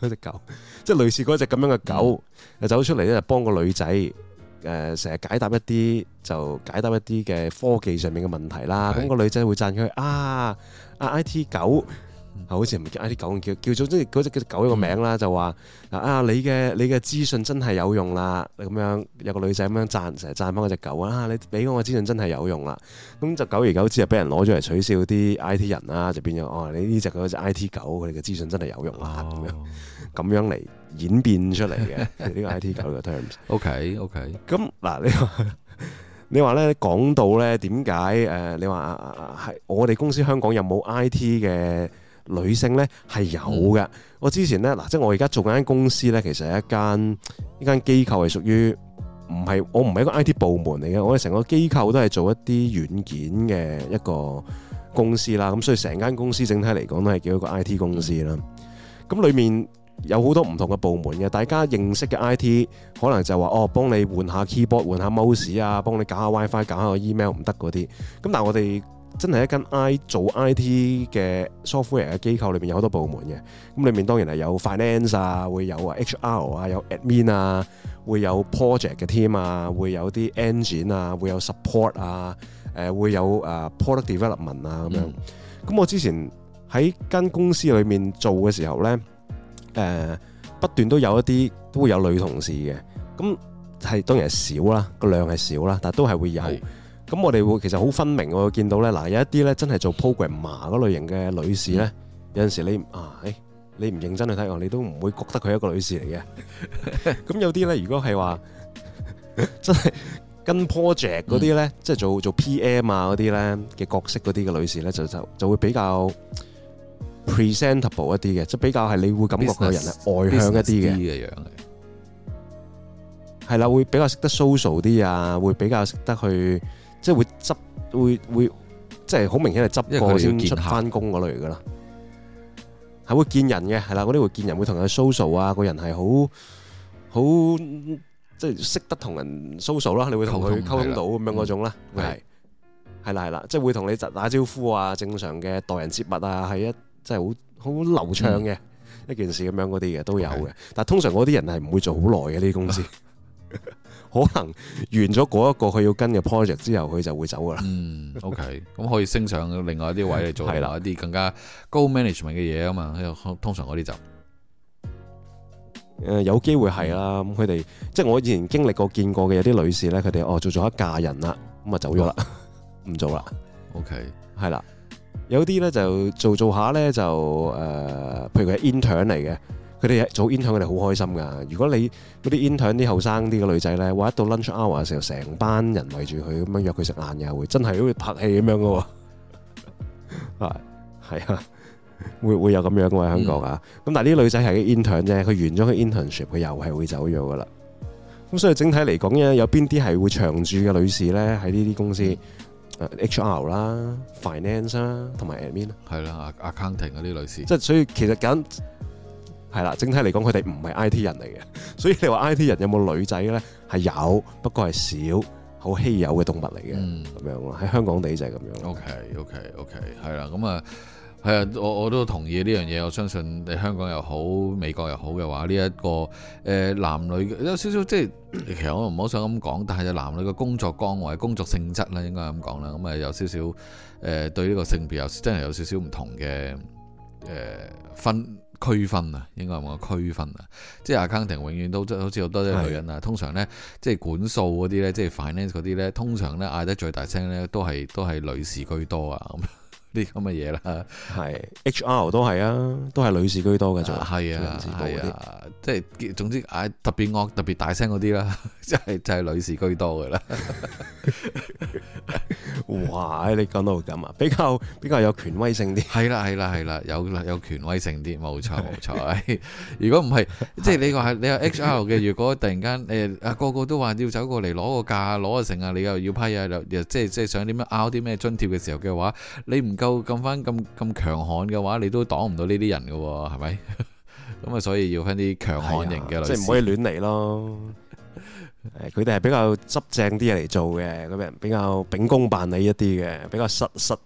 A: 嗰隻狗，即係類似嗰隻咁樣嘅狗，走出嚟咧，就幫個女仔，誒、呃，成日解答一啲就解答一啲嘅科技上面嘅問題啦。咁的個女仔會讚佢啊，IT 狗。好似唔知 IT 狗叫叫咗，即係嗰隻只狗一個名啦，就話嗱啊，你嘅你嘅資訊真係有用啦。咁樣有個女仔咁樣讚，成日讚返嗰隻狗啊，你俾我嘅資訊真係有用啦。咁就久而久之就俾人攞咗嚟取笑啲 IT 人啦，就變咗哦、啊，你呢隻嗰隻 IT 狗佢哋嘅資訊真係有用啦，咁、哦、樣咁樣嚟演變出嚟嘅呢個 IT 狗嘅 terms。 OK OK。咁嗱，你你話咧講到咧點解誒？你話係我哋公司香港有冇 IT 嘅？女性呢係有嘅。我之前呢，嗱，即係我而家做緊間公司呢，其實係一間呢間機構係屬於唔係我唔係一個 IT 部門嚟嘅。我哋成個機構都係做一啲軟件嘅一個公司啦。咁所以成間公司整體嚟講都係叫一個 IT 公司啦。咁裡面有好多唔同嘅部門嘅，大家認識嘅 IT 可能就話哦，幫你換下 keyboard，換下 mouse 啊，幫你搞下 WiFi，搞下 email 唔得嗰啲。咁但係我哋真係一間 I 做 I T 嘅 software 嘅機構裏面有好多部門嘅，咁裏面當然係有 finance 啊，會有 HR 啊，有 admin 啊，會有 project 嘅 team 啊，會有啲 engine 啊，會有 support 啊，誒、呃、會有誒、啊、product development 啊咁樣。咁、嗯、我之前喺間公司裏面做嘅時候呢，誒、呃、不斷都有一啲都會有女同事嘅，咁係當然係少啦，個量係少啦，但都係會有。咁我哋會其實好分明喎、哦，見到咧，嗱，有一啲咧真係做 programmer 嗰類型嘅女士咧，嗯、有陣時你啊誒、哎，你唔認真去睇我，你都唔會覺得佢係一個女士嚟嘅。咁 有啲咧，如果係話真係跟 project 嗰啲咧，嗯、即係做做 PM 啊嗰啲咧嘅角色嗰啲嘅女士咧，就就就會比較 presentable 一啲嘅，即比較係你會感覺佢個人係外向一啲嘅樣嘅。係啦 Business, 的，會比較識得 social 啲啊，會比較識得去。即係會執會會，即係好明顯係執過先出翻工嗰類噶啦，係會見人嘅，係啦，嗰啲會見人會同人 social 啊，個人係好好即係識得同人 social 啦，你會同佢溝通到咁樣嗰種啦，係係啦係啦，即係會同你打招呼啊，正常嘅待人接物啊，係一即係好好流暢嘅，嗯、一件事咁樣嗰啲嘅都有嘅，Okay. 但係通常嗰啲人係唔會做好耐嘅呢啲公司。 可能完咗嗰一個佢要跟嘅 project 之後，佢就會走噶啦、嗯。嗯，OK，咁可以升上另外一
B: 啲位嚟做，係啦，一啲更加高 management 嘅嘢啊嘛。通常嗰啲就
A: 誒、 呃，有機會係啦、啊。咁佢哋即係我以前經歷過、見過嘅有啲女士咧，佢哋哦做咗一嫁人啦，咁、嗯、啊走咗啦，唔、哦、 做啦了。OK，係啦，有啲咧就做做下咧就誒、呃，譬如佢係 intern 嚟嘅。佢哋做 intern，佢哋好開心噶。如果你嗰啲 intern，啲後生啲嘅女仔咧，哇！一到 lunch hour 嘅時候，成班人圍住佢咁樣約佢食晏，又會真係好似拍戲咁樣嘅喎。係係啊，會會有咁樣嘅喎喺香港嚇。咁、嗯、但係啲女仔係啲 intern 啫，佢完咗佢 internship，佢又係會走咗嘅啦。咁所以整體嚟講咧，有邊啲係會長住嘅女士咧？喺呢啲公司、呃、HR 啦、finance 啦、同、啊、埋 admin 係啦，accounting 嗰啲女士。即係所以其實揀。係啦，整體嚟講，佢哋唔係 IT 人嚟嘅，所以你話 IT 人有冇女仔咧？係有，不過係少，好稀有嘅動物嚟嘅，咁、嗯、樣咯。喺香港地就係咁樣。OK，OK，OK，係啦，咁、
B: 嗯、啊，係啊，我我都同意呢樣嘢。我相信你香港又好，美國又好嘅話，呢、這、一個誒、呃、男女有少少，即係其實我唔好想咁講，但係男女嘅工作崗位、工作性質咧，應該係咁講啦。咁、嗯、啊有少少誒，對呢個性別有真係有少少唔同嘅誒、呃、分。區分啊，應該係我區分啊，即係 accounting 永遠都即係好似好多啲女人啊的，通常咧即係管數嗰啲咧，即係 finance 嗰啲咧，通常咧嗌得最大聲咧，都係都係女士居多啊，咁啲咁嘅嘢啦，係 HR 都係啊，都係女士居多嘅，仲係、嗯、啊，係啊，啊，啊，即係總之，嗌特別惡特別大聲嗰啲啦，就係就係女士居多嘅啦。 哇！你講到咁啊，比較比較有權威性啲。係啦，係啦，係啦，有有權威性啲，冇錯冇 錯。如果唔係， 即係你話係你話 XL 嘅，如果突然間誒啊、呃、個個都話要走過嚟攞個價、攞個成啊，你又要批啊，又即係即係想點樣拗啲咩津貼嘅時候嘅話，你唔夠咁翻咁咁強悍嘅話，你都擋唔到呢啲人嘅喎，係咪？咁啊，所以要翻啲強
A: 悍型嘅女仔，即係唔可以亂嚟咯。誒，佢哋係比較執正啲嘢嚟做嘅，咁樣比較秉公辦理一啲嘅，比較實實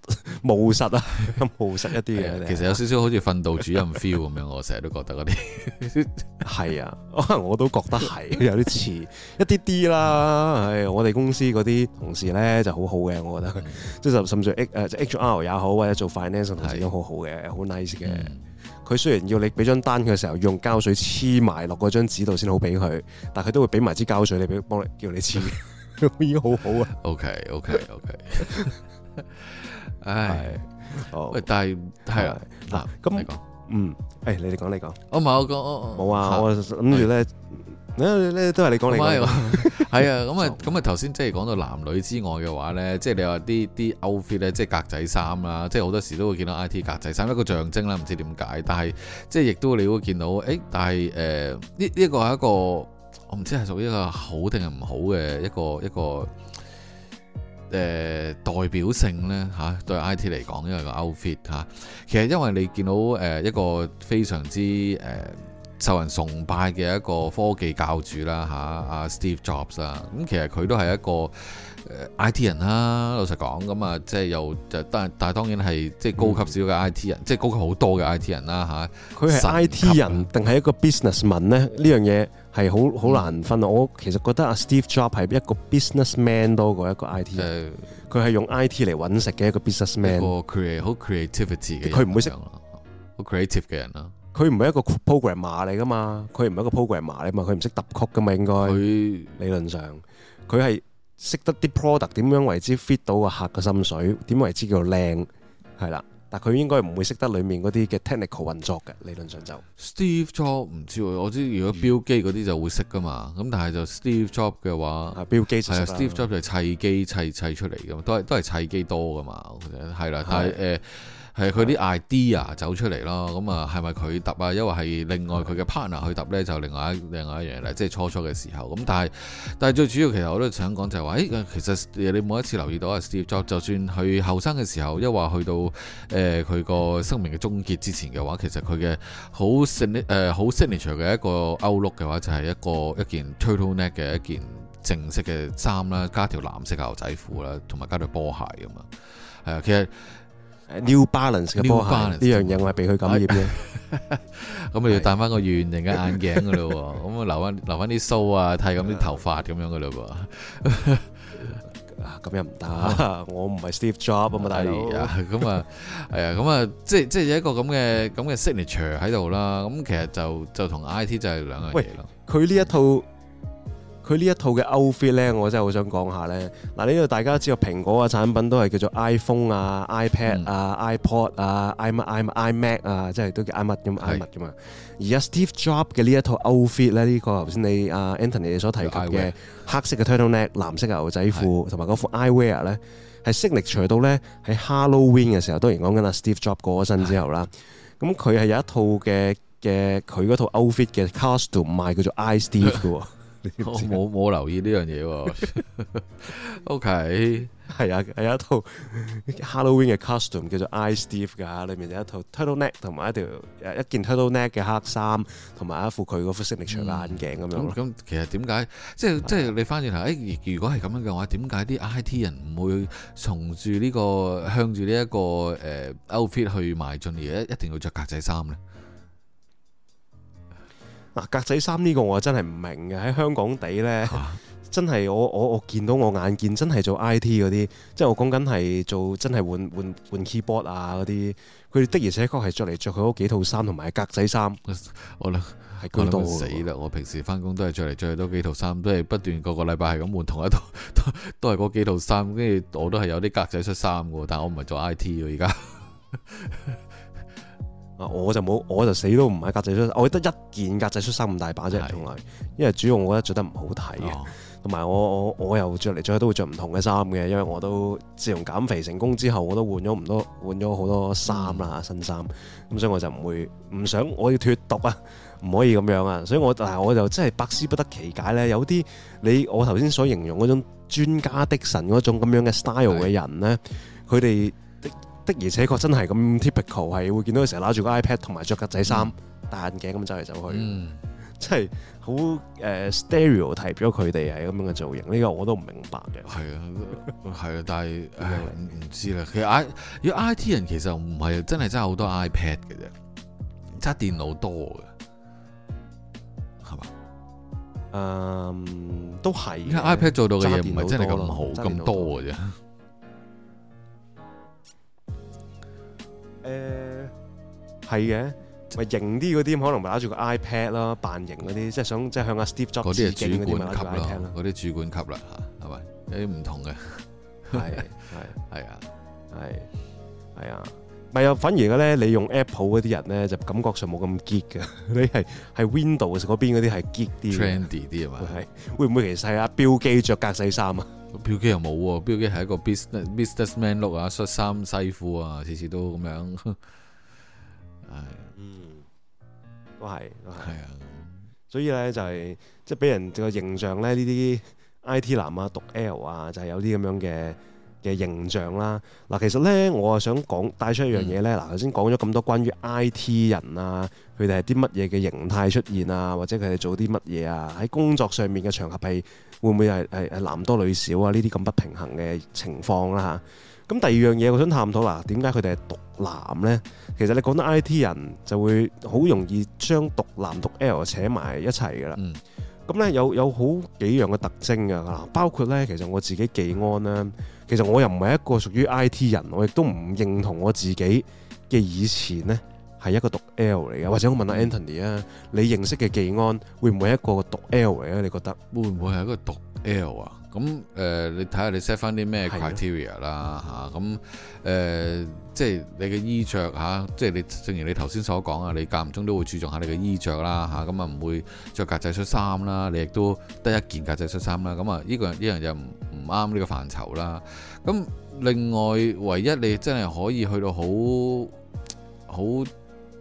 A: 務實啊，咁務實一啲嘅。 其實有少少好似訓導主任 feel 咁樣， 我成日都覺得嗰啲。係啊，可能我都覺得係，有啲似 一啲啲啦。係，我哋公司嗰啲同事咧就好好嘅，我覺得，即係就甚至係誒，即係 HR 也好，或者做 finance 同事都好好嘅，好 nice 嘅。嗯佢雖然要你俾張單嘅時候用膠水黐埋落嗰張紙度先好俾佢，但係佢都會俾埋支膠水你俾幫你叫你黐， 已經好好啊。OK OK OK， 唉，哎、但係係啦，嗱，咁你講，嗯，誒、啊嗯哎，你哋講，你講。我唔係，我講，冇啊，啊啊啊我諗住咧。啊啊啊咧咧都係你講，你係 啊，咁啊咁啊，頭先即係講
B: 到男女之外嘅話呢，即係 你話啲啲 outfit 咧，即係格仔衫啦，即係好多時都會見到 IT 格仔衫一個象徵啦，唔知點解，但係即係亦都你會見到誒、欸，但係誒呢呢個係一個我唔知係屬於一個好定係唔好嘅一個一個誒、呃、代表性呢。吓、啊，對 IT 嚟講，因為個 outfit 吓、啊，其實因為你見到誒、呃、一個非常之誒。呃受人崇拜嘅一個科技教主啦，嚇阿 Steve Jobs 啦，咁其實佢都係一個 IT 人啦。老實講，咁啊，即係又就但但係當然係即係高級
A: 少嘅 IT 人，嗯、即係高級好多嘅 IT 人啦，嚇。佢係 IT 人定係一個 businessman 咧？呢樣嘢係好好難分啊！嗯、我其實覺得阿 Steve Jobs 係一個 businessman 多過一個 IT 人。佢係、就是、用 IT 嚟搵食嘅一個 businessman，一個 create 好 creativity 嘅，佢唔會識好 creative 嘅人啦。佢唔係一個 programmer 嚟噶嘛，佢唔係一個 programmer 嚟嘛，佢唔識揼曲噶嘛應該。佢他理論上，佢係識得啲 product 點樣為之 fit 到個客嘅心水，點為之叫做靚，係啦。但佢應該唔會識得裡面嗰啲嘅 technical 運作嘅理論上就。Steve Jobs 唔知喎，我知
B: 如果標機嗰啲就會識噶嘛，咁但係就 Steve Jobs 嘅話，係標機，係啊，Steve Jobs 就係砌機砌砌出嚟噶嘛，都係都係砌機多噶嘛，係啦，但係誒。的係佢啲 idea 走出嚟咯，咁啊，係咪佢揼啊？因為係另外佢嘅 partner 去揼呢，就另外一另外一樣嘢嚟，即係初初嘅時候。咁但係但係最主要，其實我都想講就係話，誒、欸，其實你每一次留意到啊，Steve Jobs，就算佢後生嘅時候，一話去到誒佢個生命嘅終結之前嘅話，其實佢嘅好 sen 誒好 signature 嘅一個 outlook 嘅話，就係、是、一個一件 turtle neck 嘅一件正式嘅衫啦，加條藍色牛仔褲啦，同埋加對波鞋咁啊。係、呃、啊，其實。New Balance 嘅波鞋，呢樣嘢我係俾佢感染嘅，咁我 要戴翻個圓形嘅眼鏡噶啦，咁啊 留翻留翻啲鬚啊，剃咁啲頭髮咁樣噶啦噃， 啊咁又唔得， 我唔係 Steve Jobs 啊嘛大佬，咁啊係啊，咁啊，啊，啊，啊即係即係有一個咁嘅咁嘅 signature 喺度啦，咁 其實就就同 IT 就係
A: 兩樣嘢咯，佢呢一套。 佢呢一套嘅 outfit 咧，我真係好想講下咧。嗱，呢度大家知道蘋果嘅產品都係叫做 iPhone 啊、iPad 啊、iPod 啊、i-i-iMac 啊，即係都叫 i 乜咁 i 乜嘅嘛。而家 Steve Jobs 嘅呢一套 outfit 咧，呢個頭先你阿 Anthony 你所提及嘅黑色嘅 turtleneck、藍色嘅牛仔褲同埋嗰副 iWear 咧，係適力除到咧喺 Halloween 嘅時候，當然講緊阿 Steve Jobs 過咗身之後啦。咁佢係有一套嘅嘅佢嗰套 outfit 嘅 costume 賣叫做 iSteve 嘅喎。我冇冇留意呢樣嘢喎。O K，係啊，係 Okay,、啊、一套 Halloween 嘅 custom 叫做 I Steve 噶，裏面有一套 turtleneck 同埋一條誒一件 turtleneck 嘅黑衫，同埋一副佢個 fashionable 眼鏡咁、嗯、樣咁、嗯、樣其實點解即係即係你翻轉頭？誒，如果係咁樣嘅話，點
B: 解啲 I T 人唔會從住呢個向住呢一個誒 outfit
A: 去邁進而一一定要着格仔衫咧？格仔衫呢個我真係唔明嘅，喺香港地呢，啊、真係我我我見到我眼見真係做 I T 嗰啲，即係我講緊係做真係換換換 keyboard 啊嗰啲，佢哋的而且確係着嚟着去嗰幾套衫，同埋格仔衫，我諗係居多。死
B: 啦！我平時返工都係着嚟着去多幾套衫，都係不斷個個禮拜係咁換同一套，都都係嗰幾套衫，跟住我都係有啲格仔恤衫噶，但係我唔係做 I T 嘅而家。
A: 我就冇，我就死都唔係格仔恤衫，我得一件格仔恤衫咁大把啫，同埋是，因為主要我覺得着得唔好睇，同埋、哦、我我我又着嚟，着去都會着唔同嘅衫嘅，因為我都自從減肥成功之後，我都換咗唔多，換咗好多衫啦，嗯、新衫，咁所以我就唔會唔想我要脫毒啊，唔可以咁樣啊，所以我但係，我就真係百思不得其解呢有啲你我頭先所形容嗰種專家的神嗰種咁樣嘅 style 嘅人呢，佢哋是。的而且確真係咁 typical，係會見到佢成日攞住個 iPad 同埋着格仔衫、戴、嗯、眼鏡咁走嚟走去，嗯、真係好誒 stereotype 咗佢哋係咁樣嘅造型，呢、呢個我都唔明白嘅。係啊，係 啊，但係唔知啦。其實 i 如果 IT 人其實唔係
B: 真係真係好多 iPad 嘅啫，揸電腦多嘅
A: 係嘛？嗯，都係。因為 iPad 做到嘅嘢唔係真係咁好咁多嘅啫。誒，係嘅、呃，咪型啲嗰啲可能咪攞住個 iPad 啦，扮型嗰啲，即係想即係向阿 Steve Jobs 致敬嗰啲咪攞 iPad 啦
B: 嗰啲主管級啦，係咪？有啲唔同嘅，
A: 係係係啊，係係啊，咪又反而嘅咧，你用 Apple 嗰啲人咧就感覺上冇咁 geek 嘅。 你係係 Window 嗰邊嗰啲係 geek 啲 trendy 啲啊嘛，係會唔會其實係阿 Bill 記着格仔衫啊？標機
B: 又冇喎，標機係一個 business, business man look 啊，恤衫西褲啊，次次都咁樣，
A: 係， 嗯，都係，係啊，所以咧就係即係俾人個形象咧，呢啲 I T 男啊，毒 L 啊，就係、是、有啲咁樣嘅嘅形象啦。嗱，其實咧我啊想講帶出一樣嘢咧，嗱、嗯，頭先講咗咁多關於 I T 人啊，佢哋係啲乜嘢嘅形態出現啊，或者佢哋做啲乜嘢啊，喺工作上面嘅場合係。會唔會係係男多女少啊？呢啲咁不平衡嘅情況啦、啊、咁第二樣嘢，我想探討嗱，點解佢哋係毒男呢？其實你講得 IT 人就會好容易將毒男毒 L 扯埋一齊噶啦。咁呢，有有好幾樣嘅特徵噶，包括呢，其實我自己技安咧，其實我又唔係一個屬於 IT 人，我亦都唔認同我自己嘅以前呢。係一個毒 L 嚟嘅，或者我問下 Anthony 啊、嗯，你認識嘅技安會唔會一個毒 L 嚟啊？你覺得會唔會係一個毒 L 啊？咁誒，你睇
B: 下你 set 翻啲咩 criteria 啦嚇。咁誒，即係你嘅衣着，嚇、啊，即係你正如你頭先所講啊，你間唔中都會注重下你嘅衣着啦嚇。咁啊唔會着格仔恤衫啦，你亦都得一件格仔恤衫啦。咁啊，依個依樣、這個、又唔唔啱呢個範疇啦。咁、啊、另外，唯一你真係可以去到好好。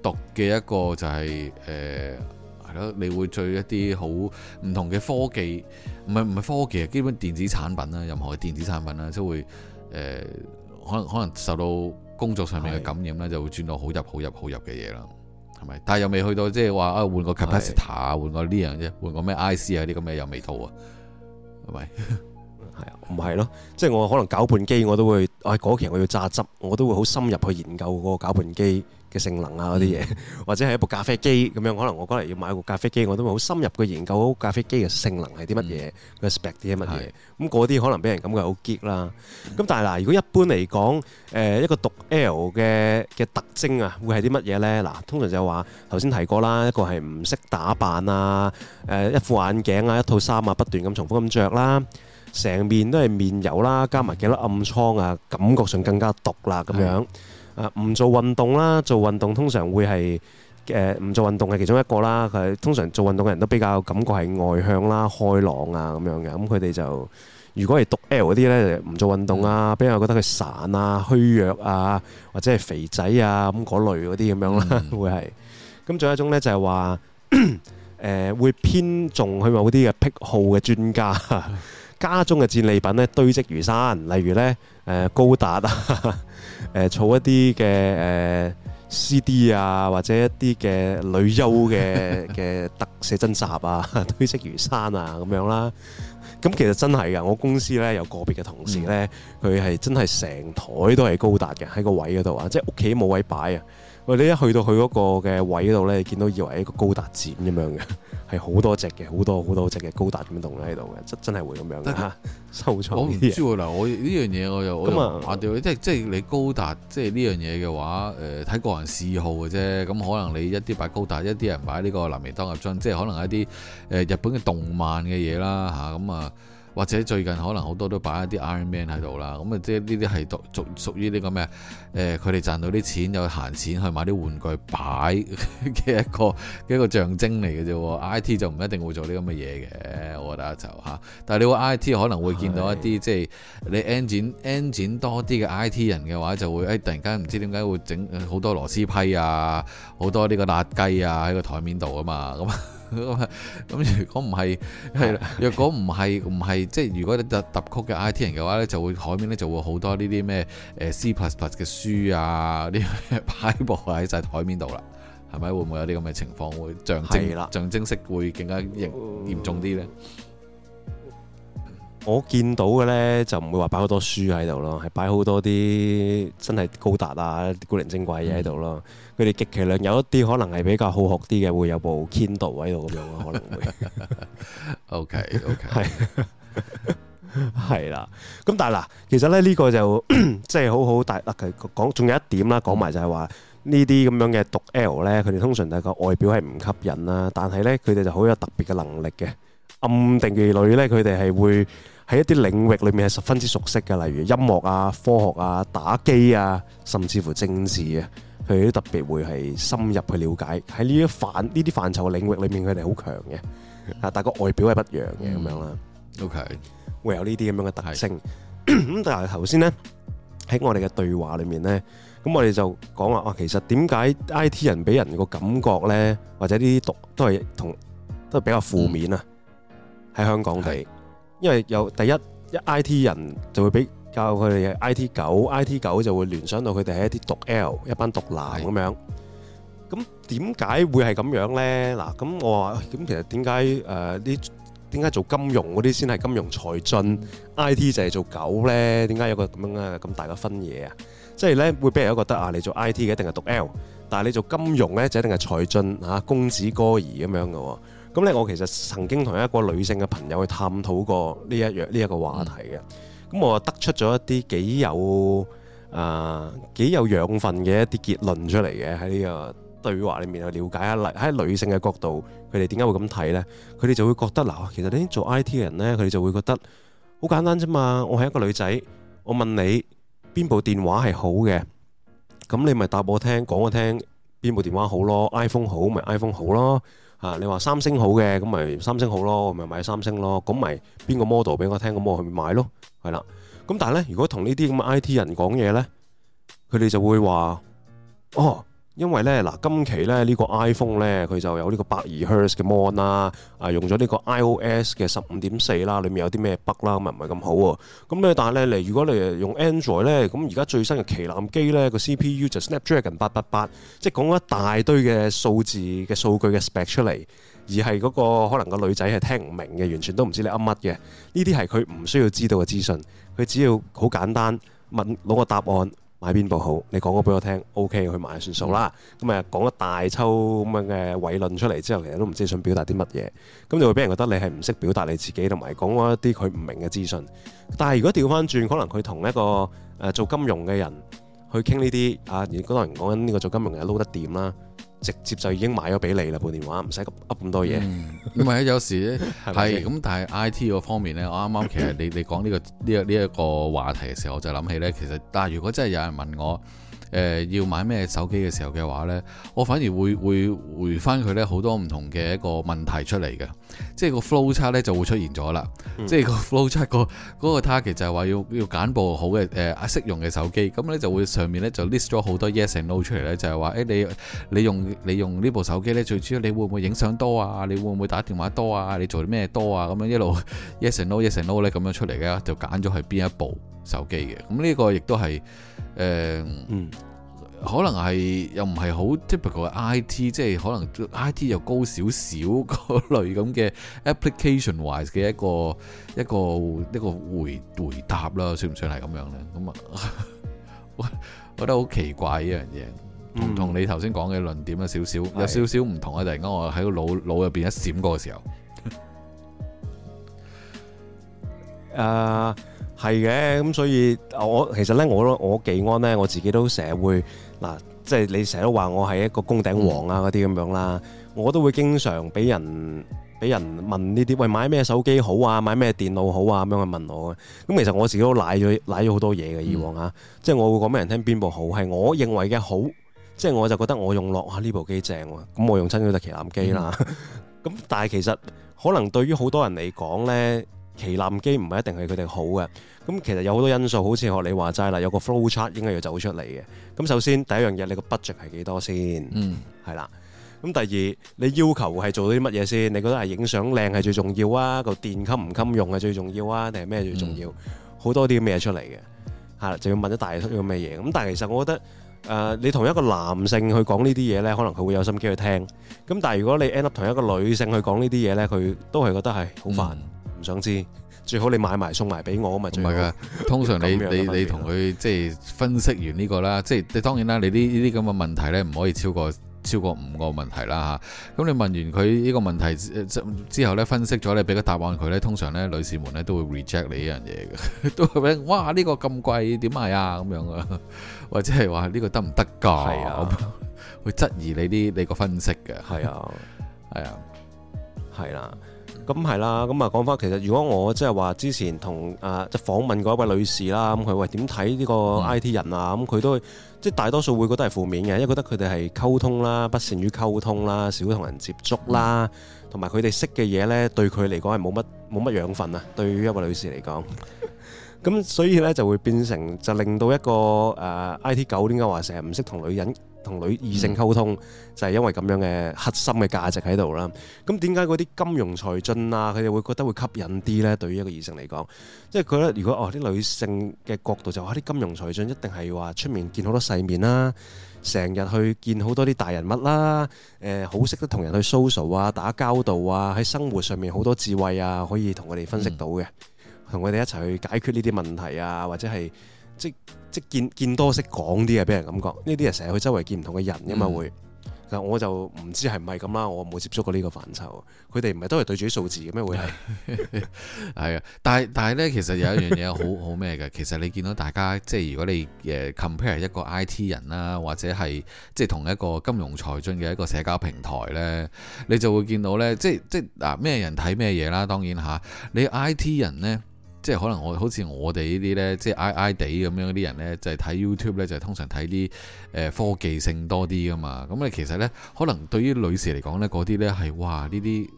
B: 讀嘅一個就係，誒，係咯，你會對一啲好唔同嘅科技，唔係唔係科技啊，基本電子產品啦，任何嘅電子產品啦，即會誒、呃、可能可能受到工作上面嘅感染啦，是就會轉到好入好入好入嘅嘢啦，係咪？但係又未去到即係話啊，換個 capacitor, 是換、這個 capacitor 啊，換個
A: 呢樣啫，換個咩 IC 啊，啲咁嘅又未到啊，係 咪？係啊，唔係咯，即係我可能攪拌機我都會，我嗰期我要榨汁，我都會好深入去研究嗰個攪拌機嘅性能啊，嗰啲嘢，或者係一部咖啡機咁樣，可能我過嚟要買一部咖啡機，我都會好深入嘅研究咖啡機嘅性能係啲乜嘢，spec 啲乜嘢，咁嗰啲可能俾人感覺好 geek 啦。咁但係嗱、呃，如果一般嚟講，誒、呃、一個毒 L 嘅嘅特徵啊，會係啲乜嘢呢？嗱、呃，通常就係話頭先提過啦，一個係唔識打扮啊，誒、呃、一副眼鏡啊，一套衫啊，不斷咁重複咁着啦，成面都係面油啦、啊，加埋幾粒暗瘡啊，感覺上更加毒啦咁樣是。唔做運動啦，做運動通常會係誒唔做運動係其中一個啦。佢通常做運動嘅人都比較感覺係外向啦、開朗啊咁樣嘅。咁佢哋就如果係讀 L 嗰啲呢，唔做運動啊，比較覺得佢散啊、虛弱啊，或者係肥仔啊咁嗰類嗰啲咁樣啦，嗯、會係。咁仲有一種呢，就係話誒會偏重佢某啲嘅癖好嘅專家， 家中嘅戰利品呢，堆積如山，例如呢，誒、呃、高達啊。 誒，儲、呃、一啲嘅誒 CD 啊，或者一啲嘅女優嘅嘅特寫真集啊， 堆積如山啊，咁樣啦。咁其實真係噶，我公司呢，有個別嘅同事呢，佢係、嗯、真係成台都係高達嘅喺個位嗰度啊，即係屋企冇位擺啊。我你一去到佢嗰個嘅位度咧，你見到以為係一個高達展咁樣嘅，係好多隻嘅，好多好多隻嘅高達咁樣動喺度嘅，真真係會咁樣嘅。是收藏。我唔知喎，嗱，我呢樣嘢我又咁啊，
B: 啊屌！即即係你高達，即係呢樣嘢嘅話，誒、呃、睇個人嗜好嘅啫。咁可能你一啲擺高達，一啲人擺呢個《男兒當入樽》，即係可能一啲誒日本嘅動漫嘅嘢啦嚇咁啊。或者最近可能好多都擺一啲 Iron Man 喺度啦，咁啊，即係呢啲係屬屬於呢個咩？誒、欸，佢哋賺到啲錢有閒錢去買啲玩具擺嘅一個嘅一,一個象徵嚟嘅啫。I T 就唔一定會做呢啲咁嘅嘢嘅，我覺得就嚇。但係你話 I T 可能會見到一啲即係你 engine engine 多啲嘅 I T 人嘅話，就會誒、欸、突然間唔知點解會整好多螺絲批啊，好多呢個辣雞啊喺個台面度啊嘛，咁。咁 如果唔係，係啦、啊。若果唔係唔係，即係如果你特特曲嘅 I T 人嘅話咧，就會海面咧就會好多呢啲咩誒 C++ 嘅書啊，啲擺布喺曬台面度啦。係咪會唔會有啲咁嘅情況會象徵象徵式會更加嚴嚴重啲咧？
A: 我見到嘅咧就唔會話擺好多書喺度咯，係擺好多啲真係高達啊、古靈精怪嘢喺度咯。嗯佢哋極其量有一啲可能係比較好學啲嘅，會有部 Kindle 喺度咁樣咯，可能會。OK，OK，係係啦。咁但係嗱，其實咧呢個就即係好好。但係講仲有一點啦，講埋就係話呢啲咁樣嘅毒 L 咧，佢哋通常就個外表係唔吸引啦。但係咧，佢哋就好有特別嘅能力嘅。暗定期裏咧，佢哋係會喺一啲領域裏面係十分之熟悉嘅，例如音樂啊、科學啊、打機啊，甚至乎政治啊。佢都特別會係深入去了解喺呢一範呢啲範疇嘅領域裏面，佢哋好強嘅啊！但個外表係不一揚不一樣嘅咁樣啦。OK，會有呢啲咁樣嘅特性。咁是 但係頭先咧喺我哋嘅對話裏面咧，咁我哋就講話啊，其實點解 I T 人俾人個感覺咧，或者呢啲毒都係同都係比較負面啊？喺、嗯、香港係是因為有第一一 I T 人就會俾。教佢哋 IT 狗，IT 狗就會聯想到佢哋係一啲毒 L，一班毒男咁樣。咁點解會係咁樣呢？嗱，咁我話咁其實點解誒啲點解做金融嗰啲先係金融財俊，IT 就係做狗呢？點解有個咁樣嘅咁大嘅分野啊？即係呢會俾人覺得啊，你做 IT 嘅一定係毒 L，但係你做金融呢就一定係財俊嚇公子哥兒咁樣嘅。咁呢我其實曾經同一個女性嘅朋友去探討過呢一樣呢一個話題嘅。咁我得出咗一啲幾有啊、呃、幾有養分嘅一啲結論出嚟嘅，喺呢個對話裏面去了解一下喺女性嘅角度，佢哋點解會咁睇呢？佢哋就會覺得嗱，其實呢做 IT 嘅人呢，佢哋就會覺得好簡單啫嘛。我係一個女仔，我問你邊部電話係好嘅，咁你咪答我聽講我聽邊部電話好咯，iPhone 好咪，就是、iPhone 好咯。啊，你話三星好嘅，咁咪三星好咯，咪買三星咯，咁咪邊個 model 俾我聽，個 model 去買咯，係啦。咁但係咧，如果同呢啲咁嘅 I.T. 人講嘢咧，佢哋就會話，哦。因為咧嗱，今期咧呢、這個 iPhone 咧，佢就有呢個百二赫茲嘅 mon 啦，啊用咗呢個 iOS 嘅十五點四啦，裡面有啲咩 bug 啦，咁咪唔係咁好喎、啊。咁咧但係咧嚟，如果你用 Android 咧，咁而家最新嘅旗艦機咧個 CPU 就 Snapdragon 八八八，即係講一大堆嘅數字嘅數據嘅 spec 出嚟，而係嗰、那個可能個女仔係聽唔明嘅，完全都唔知你噏乜嘅。呢啲係佢唔需要知道嘅資訊，佢只要好簡單問攞個答案。買邊部好？你講個俾我聽，OK，去買算數啦。咁誒、嗯，講咗一大抽咁樣嘅偉論出嚟之後，其實都唔知想表達啲乜嘢。咁就會俾人覺得你係唔識表達你自己，同埋講咗一啲佢唔明嘅資訊。但係如果調翻轉，可能佢同一個、呃、做金融嘅人。去傾呢啲啊，嗰啲人講緊呢個做金融嘅撈得掂啦，直接就已經買咗俾你啦。部電話唔使噏咁多嘢，唔
B: 係啊。有時係咁，但係 IT 嗰方面咧，我啱啱其實你 你講呢、呢個呢、呢個呢一、呢個話題嘅時候，我就諗起咧，其實但係如果真係有人問我。誒、呃、要買咩手機嘅時候嘅話呢，我反而會會回翻佢呢好多唔同嘅一個問題出嚟嘅，即係個 flowchart 呢就會出現咗啦。嗯、即係個 flowchart、那個嗰個 target 就係話要要揀部好嘅誒啊適用嘅手機，咁呢就會上面呢，就 list 咗好多 yes and no 出嚟呢就係話誒你你用你用呢部手機呢，最主要你會唔會影相多啊？你會唔會打電話多啊？你做啲咩多啊？咁樣一路 yes and no yes and no 呢，咁樣出嚟嘅，就揀咗係邊一部。手機嘅，咁呢個亦都係誒，呃嗯、可能係又唔係好 typical 嘅 IT，即係可能 IT 又高少少個類咁嘅 application wise 嘅一個一個一個回回答啦，算唔算係咁樣咧？咁啊，我 覺得好奇怪呢樣嘢，同同你頭先講嘅論點有少少、嗯、有少少唔同啊！突然間我喺個腦腦入邊一閃過嘅時候，
A: 啊！係嘅，咁所以我其實咧，我我技安咧，我自己都成日會嗱，即係你成日都話我係一個工頂王啊嗰啲咁樣啦，我都會經常俾人俾人問呢啲，喂，買咩手機好啊，買咩電腦好啊咁樣去問我。咁其實我自己都賴咗賴咗好多嘢嘅、嗯、以往嚇、啊，即係我會講俾人聽邊部好，係我認為嘅好，即係我就覺得我用落下呢部機正喎、啊，咁我用親嗰台旗艦機啦。咁、嗯、 但係其實可能對於好多人嚟講咧。旗艦機唔係一定係佢哋好嘅。咁其實有好多因素，好似學你話齋啦，有個 flow chart 應該要走出嚟嘅。咁首先第一樣嘢，你個 budget 係幾多先？嗯，係啦。咁第二，你要求係做到啲乜嘢先？你覺得係影相靚係最重要啊？個電襟唔襟用係最重要啊？定係咩最重要？好、嗯、多啲咩出嚟嘅係啦，就要問一大堆咁嘅嘢。咁但係其實我覺得誒、呃，你同一個男性去講呢啲嘢咧，可能佢會有心機去聽。咁但係如果你 end up 同一個女性去講呢啲嘢咧，佢都係覺得係好煩。嗯唔想知，最好你買埋送埋俾我咪最好。
B: 通常你你你同佢即係分析完呢個啦，即係當然啦，你呢呢啲咁嘅問題咧，唔可以超過超過五個問題啦吓。咁你問完佢呢個問題之後咧，分析咗你俾個答案佢咧，通常咧，女士們咧都會 reject 你呢樣嘢嘅，都係俾哇呢個咁貴，點買啊咁樣啊，或者係話呢個得唔得噶？係啊，
A: 會質疑你啲你個分析嘅。係啊，係啊，係啦。咁係啦，咁啊講翻，其實如果我即係話之前同誒即係訪問過一位女士啦，咁佢話點睇呢個 IT 人啊？咁佢都即係大多數會覺得係負面嘅，因為覺得佢哋係溝通啦，不善於溝通啦，少同人接觸啦，同埋佢哋識嘅嘢咧，對佢嚟講係冇乜冇乜養分，啊，對於一位女士嚟講，咁所以咧就會變成就令到一個誒 IT 狗點解話成日唔識同女人、同女異性溝通就係、是、因為咁樣嘅核心嘅價值喺度啦。咁點解嗰啲金融財經啊，佢哋會覺得會吸引啲呢？對於一個異性嚟講，即係佢覺得如果哦啲、呃、女性嘅角度就話、是、啲、哦、金融財經一定係話出面見好多世面啦、啊，成日去見好多啲大人物啦、啊，誒、呃、好識得同人去 social 啊、打交道啊，喺生活上面好多智慧啊，可以同佢哋分析到嘅，同佢哋一齊去解決呢啲問題啊，或者係。即即見見，見多識講啲嘅俾人感覺，呢啲係成日去周圍見唔同嘅人，因為、嗯、會，嗱我就唔知係唔係咁啦，我冇接觸過呢個範疇，佢哋唔係都係對住啲數字嘅咩？會係係啊，但係但係咧，其實有一樣嘢 好好咩嘅，
B: 其實你見到大家即係如果你誒 compare 一個 I T 人啦，或者係即係同一個金融財經嘅一個社交平台咧，你就會見到咧，即即嗱咩人睇咩嘢啦，當然吓你 I T 人咧。即係可能我好似我哋呢啲呢，即係 IT 哋咁樣啲人呢，就係、是、睇 YouTube 呢，就係、是、通常睇啲誒科技性多啲㗎嘛。咁你其實呢，可能對於女士嚟講呢，嗰啲呢係哇呢啲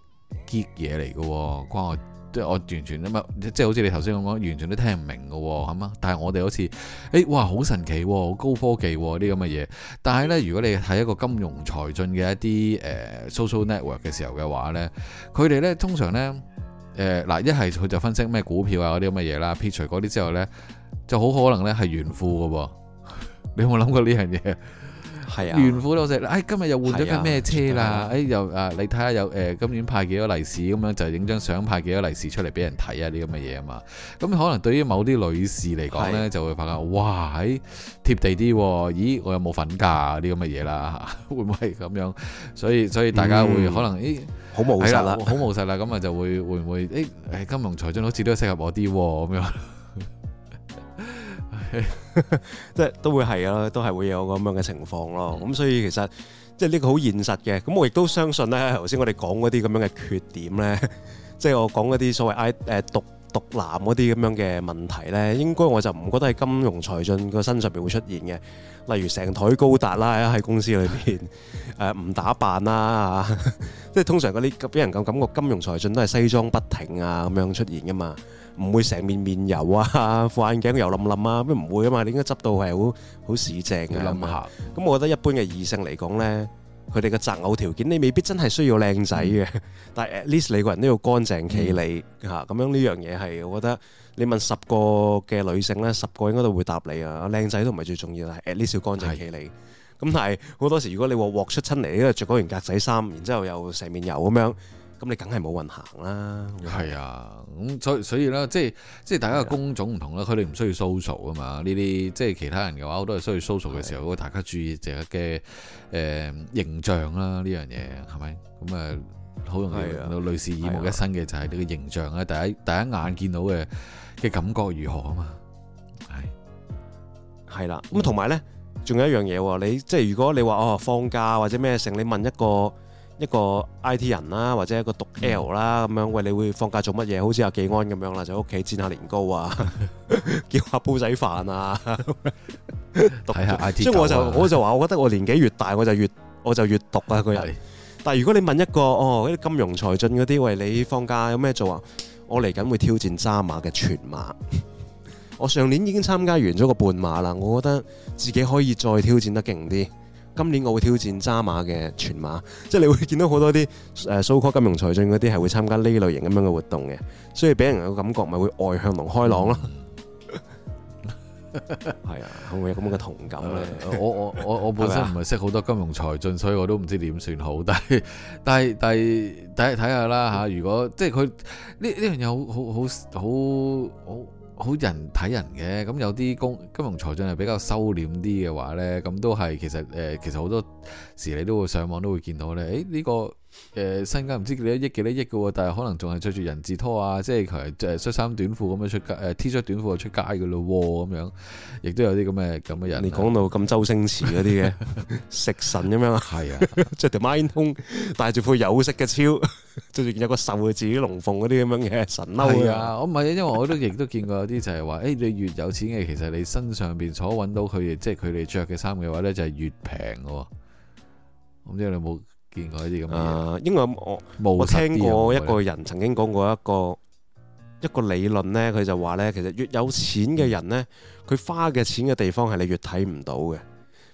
B: geek 嘢嚟㗎，關我即係我完全咁啊！即係好似你頭先咁講，完全都聽唔明㗎喎、哦，係嘛？但係我哋好似誒、哎、哇好神奇、哦，好高科技啲咁嘅嘢。但係呢，如果你睇一個金融財經嘅一啲誒、呃、social network 嘅時候嘅話呢，佢哋呢通常呢。誒嗱，一係佢就分析咩股票啊嗰啲咁嘅嘢啦，撇除嗰啲之後呢，就好可能咧係炫富嘅喎、啊， 你有冇諗過呢樣嘢？係啊，懸乎老實，哎，今日又換咗架咩車啦？的的哎，又啊，你睇下有誒，今年派幾多利是咁樣就，就影張相派幾多利是出嚟俾人睇啊？呢咁嘅嘢啊嘛，咁可能對於某啲女士嚟講呢，的就會發覺哇，喺、哎、貼地啲，咦，我有冇份㗎？啲咁嘅嘢啦，會唔會咁樣？所以所以大家會可能誒，好冇實啦，好冇、嗯嗯、實啦，咁啊就會會唔會誒、哎哎、金融財經好似都適合我啲咁樣。
A: 即係都會係啦，都係會有咁樣嘅情況咯。咁所以其實即係呢個好現實嘅。咁我亦都相信咧，頭先我哋講嗰啲咁樣嘅缺點咧，即係我講嗰啲所謂 I 誒毒毒男嗰啲咁樣嘅問題咧，應該我就唔覺得係金融才俊個身上邊會出現嘅。例如成枱高達啦喺公司裏邊誒唔打扮啦啊，即係通常嗰啲俾人咁感覺金融才俊都係西裝筆挺啊咁樣出現噶嘛。唔會成面面油啊，副眼鏡油冧冧啊，咩唔會啊嘛？你應該執到係好好市正嘅嘛。咁我覺得一般嘅異性嚟講咧，佢哋嘅擇偶條件，你未必真係需要靚仔嘅，但係 at least 你個人都要乾淨企理嚇。咁樣呢樣嘢係我覺得，你問十個嘅女性咧，十個應該都會答你啊。靚仔都唔係最重要啦，係 at least 要乾淨企理。咁但係好多時如果你鑊鑊出親嚟，因為著嗰件格仔衫，然之後又成面油咁樣。咁你梗係冇運行啦，係啊，咁所以所以咧，即係即係大家嘅工種唔同啦，佢哋唔需
B: 要 social 啊嘛，呢啲即係其他人嘅話，我都係需要 social 嘅時候，啊、大家注意自己嘅誒形象啦，呢樣嘢係咪？咁啊，好容易類似耳目一新嘅、啊、就係你個形象啦，第一第一眼見到嘅嘅感覺如何啊嘛，係
A: 係啦，咁同埋咧，仲有，有一樣嘢喎，你即係如果你話哦放假或者咩成，你問一個。一個 I T 人啦，或者一個毒 L 啦咁樣，喂，你會放假做乜嘢？好似阿紀安咁樣啦，就屋企煎下年糕啊， 叫下煲仔飯啊， 毒下 I T。看看 IT 啊、所以我就我就話，我覺得我年紀越大，我就越我就越毒啊，個人是。但係如果你問一個哦，啲金融才俊嗰啲，喂，你放假有咩做啊？我嚟緊會挑戰渣馬嘅全馬。我上年已經參加完咗個半馬啦，我覺得自己可以再挑戰得勁啲。今年我會挑戰揸馬嘅全馬，即係你會見到好多啲誒 so call 金融財經嗰啲係會參加呢類型咁樣嘅活動嘅，所以俾人嘅感覺咪會外向同開朗咯。係、嗯、 啊，會唔 會有咁嘅同感咧？
B: 我我我我本身唔係識好多金融財經，所以我都唔知點算好。但係但係但係睇睇下啦嚇。如果即係佢呢呢樣嘢好好好好好。好好好好好人睇人嘅，咁有啲公金融財政係比較收斂啲嘅話呢，咁都係其實誒，其實好、呃、多時你都會上網都會見到呢，誒、欸、呢、呢個。誒、呃，身家唔知多億幾多億幾多億嘅，但係可能仲係着住人字拖啊，即係佢誒，着恤衫短褲咁樣出街、呃、，T 恤短褲就出街噶啦、
A: 啊，咁樣，亦都有啲咁嘅咁嘅人、啊。你講到咁周星馳嗰啲嘅食神咁樣，係啊，即係條孖煙通，戴住副有色嘅超，仲有個壽字龍鳳嗰啲咁樣嘅神嬲。啊，
B: 我唔係，因為我都亦 都見過有啲就係話、欸，你越有錢嘅，其實你身上邊所揾到佢，即係佢哋着嘅衫嘅話咧，就係、是、越平嘅。咁
A: 即係你冇。見過呢啲咁嘅嘢，因為我冇聽過一個人曾經講過一個、嗯、一個理論呢，佢就話呢，其實越有錢嘅人呢，佢花嘅錢嘅地方係你越睇唔到嘅，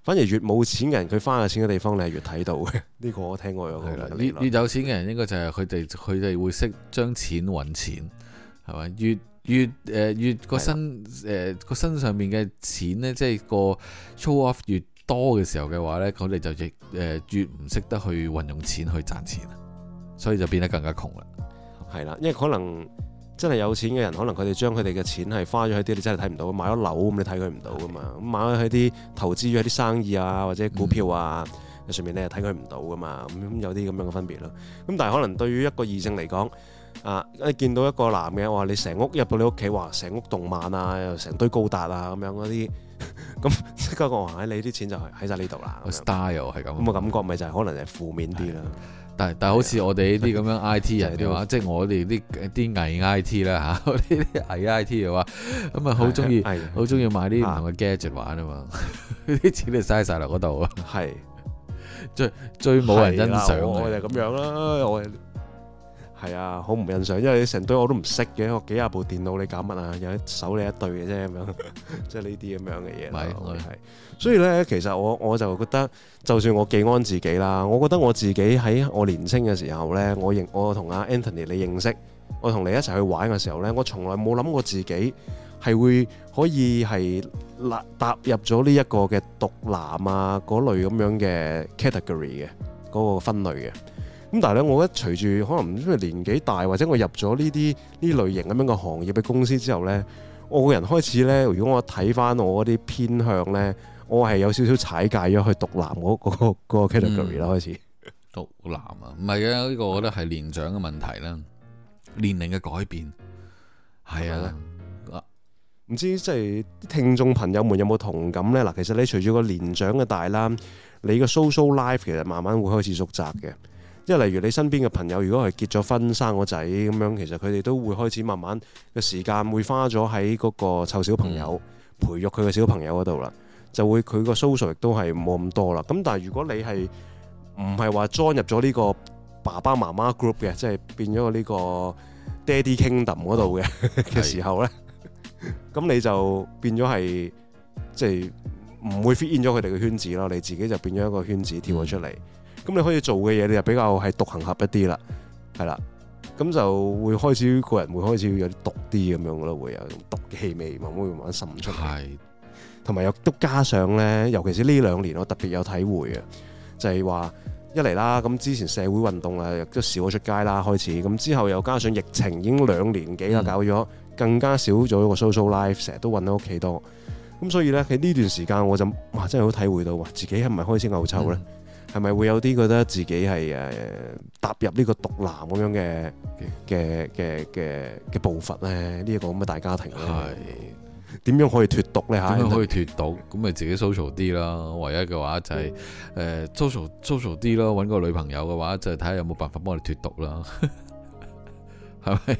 A: 反而越冇錢嘅人佢花嘅錢嘅地方你係越睇到嘅。呢、呢個我聽過有講。越有錢嘅人應該就係佢哋佢哋會
B: 識將錢揾錢，係咪？越越誒、呃、越個身誒個的、呃、身上面嘅錢呢，即係個 show off 多嘅時候嘅話呢，佢哋就
A: 亦誒越唔識、呃、得去運用錢去賺錢，所以就變得更加窮啦。係啦，因為可能真係有錢嘅人，可能佢哋將佢哋嘅錢係花咗喺啲你真係睇唔到，買咗樓咁你睇佢唔到噶嘛，的買咗喺啲投資咗啲生意啊或者股票啊、嗯、上面你又睇佢唔到噶嘛，咁有啲咁樣嘅分別咯。咁但係可能對於一個異性嚟講。啊！一見到一個男嘅話，你成屋入到你屋企，話成屋動漫啊，又成堆高達啊，咁樣嗰啲，咁即刻個我話，你啲錢就係喺晒呢度啦。style 係咁，咁嘅感覺咪就係可能係負面啲啦。但係但係好似我哋呢啲咁樣 IT 人嘅話，即
B: 係我哋啲啲偽 IT 啦嚇，呢啲偽 IT 嘅話，咁啊好中意好中意買啲唔同嘅 gadget 玩啊嘛，啲錢你嘥晒落嗰度。係最最冇人欣賞我哋咁
A: 樣啦，我。係啊，好唔印象，因為你成堆我都唔識嘅，我幾廿部電腦你搞乜啊？有得收你一對嘅啫，咁 樣，即係呢啲咁樣嘅嘢。係，okay? 所以呢，其實我我就覺得，就算我寄安自己啦，我覺得我自己喺我年青嘅時候呢，我認我同阿 Anthony 你認識，我同你一齊去玩嘅時候呢，我從來冇諗過自己係會可以係踏入咗呢一個嘅毒男啊嗰類咁樣嘅 category 嘅嗰個分類嘅。咁但係咧，我覺得隨住可能因為年紀大，或者我入咗呢啲呢類型咁樣嘅行業嘅公司之後咧，我個人開始咧，如果我睇翻我啲偏向咧，我係有少少踩界咗去毒男嗰嗰，嗰個個 category 啦。嗯、開始
B: 毒男啊，唔係啊？呢、呢個我覺得係年長嘅問題啦，的年齡嘅改變係啊。唔
A: 知即係聽眾朋友們有冇同感咧？嗱，其實你隨住個年長嘅大啦，你個 social life 其實慢慢會開始縮窄嘅。即係例如你身邊嘅朋友，如果係結咗婚生個仔咁樣，其實佢哋都會開始慢慢嘅時間會花咗喺嗰個湊小朋友培育佢嘅小朋友嗰度啦，嗯、就會佢個 social 亦都係冇咁多啦。咁但係如果你係唔係話裝入咗呢個爸爸媽媽 group 嘅，即、就、係、是、變咗呢個爹哋 kingdom 嗰度嘅嘅時候咧，咁是的 你就變咗係即係唔會 fit in 咗佢哋嘅圈子咯，你自己就變咗一個圈子跳咗出嚟。嗯嗯咁你開始做嘅嘢，你就比較係獨行俠一啲啦，係啦，咁就會開始個人會開始有啲毒啲咁樣咯，會有種毒嘅氣味慢慢慢慢滲出嚟，同埋又都加上咧，尤其是呢兩年我特別有體會啊，就係、是、話一嚟啦，咁之前社會運動啊，都少咗出街啦，開始咁之後又加上疫情已經兩年幾啦，搞咗、嗯、更加少咗個 social life，成日都匿喺屋企多，咁所以咧喺呢段時間我就哇真係好體會到，哇自己係唔係開始嘔臭咧？嗯係咪會有啲覺得自己係誒、uh, 踏入呢個毒男咁樣嘅嘅嘅嘅嘅步伐咧？呢、這、一個咁嘅大家庭，係點 樣
B: 可以脱毒咧？嚇，點樣可以脱毒？咁咪 自己 social 啲啦。唯一嘅話就係、是、
A: 誒、 uh, social social 啲咯。揾個女朋友嘅話，就睇下有冇辦法幫你哋脱毒啦。係 咪是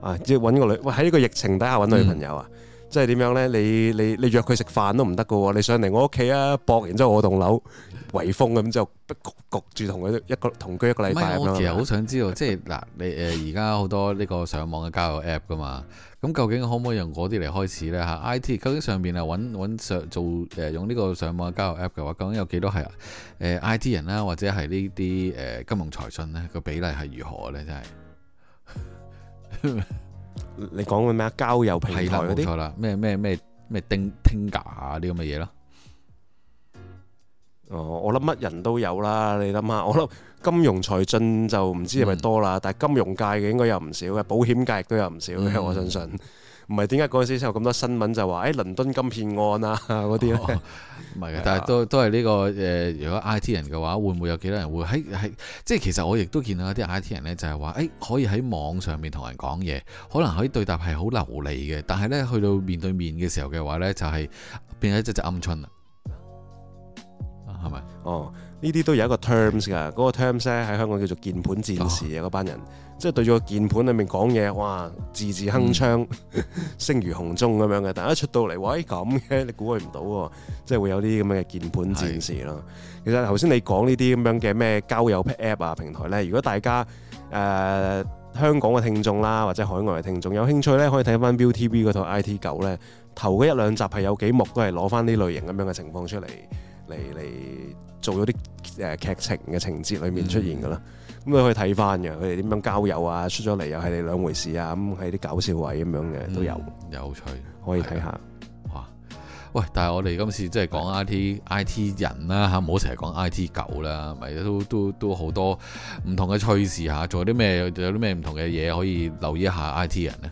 A: 啊？即係揾個女，喺呢個疫情底下揾女朋友啊？嗯即係點樣咧？你你你約佢食飯都唔得噶喎！你上嚟我屋企啊，搏完之後我棟樓圍封咁就焗焗住同佢一個同居一個禮拜。唔係，我其實好想知道， 即係嗱你誒
B: 而家好多呢個上網嘅交友 App 噶嘛？咁究竟可唔可以用嗰啲嚟開始咧？嚇、啊、IT 究竟上邊啊揾揾上做誒、呃、用呢個上網嘅交友 App 嘅話，究竟有幾多係誒、呃、IT 人啦、啊，或者係呢啲誒金融財訊咧個比例係如何咧？真係。 你講個咩啊？交友平台啲，咩咩咩
A: 咩 Tinder 啲咁嘅嘢咯。哦，我諗乜人都有啦。你諗下，我諗金融財進就唔知係咪多啦，嗯、但係金融界嘅應該有唔少嘅，保險界亦都有唔少嘅，嗯、我相信。唔係點解嗰陣時先有咁多新聞就話誒、欸、倫敦金騙案啊嗰啲咧，
B: 唔係嘅，但係都
A: 都係呢個誒、呃。如果
B: I T 人嘅話，會唔會有幾多人會喺喺即係其實我亦都見到一啲 I T 人咧，就係話誒可以喺網上面同人講嘢，可能可以對答係好流利嘅，但係咧去到面對面嘅時
A: 候嘅話咧，就係、是、變咗一隻隻鵪鶉啦，係咪？哦。呢啲都有一個 terms 㗎，嗰個 terms 咧喺香港叫做鍵盤戰士啊！嗰班人即係對住個鍵盤裏面講嘢，哇！字字鏗鏘，聲如洪鐘咁樣嘅。但係一出到嚟，喂咁嘅，你估佢唔到喎，即係會有啲咁嘅鍵盤戰士咯。其實頭先你講呢啲咁樣嘅咩交友 app 啊平台咧，如果大家誒香港嘅聽眾啦，或者海外嘅聽眾有興趣咧，可以睇翻 ViuTV 嗰套 IT 狗咧，頭嗰一兩集係有幾幕都係攞翻呢類型咁樣嘅情況出嚟嚟嚟。做咗啲誒劇情嘅情節裏面出現嘅啦，咁你、嗯、可以睇翻嘅，佢哋點樣交友啊，出咗嚟又係兩回事啊，咁喺啲搞笑位咁樣嘅都有、嗯、有趣，可以睇下。哇！
B: 喂，但係我哋今次即係講 I T 的 I T 人啦、啊、吓，唔好成日講 I T 狗啦，咪都都都好多唔同嘅趣事吓、啊，仲啲咩有啲咩唔同嘅嘢可以留意一下 I T 人呢？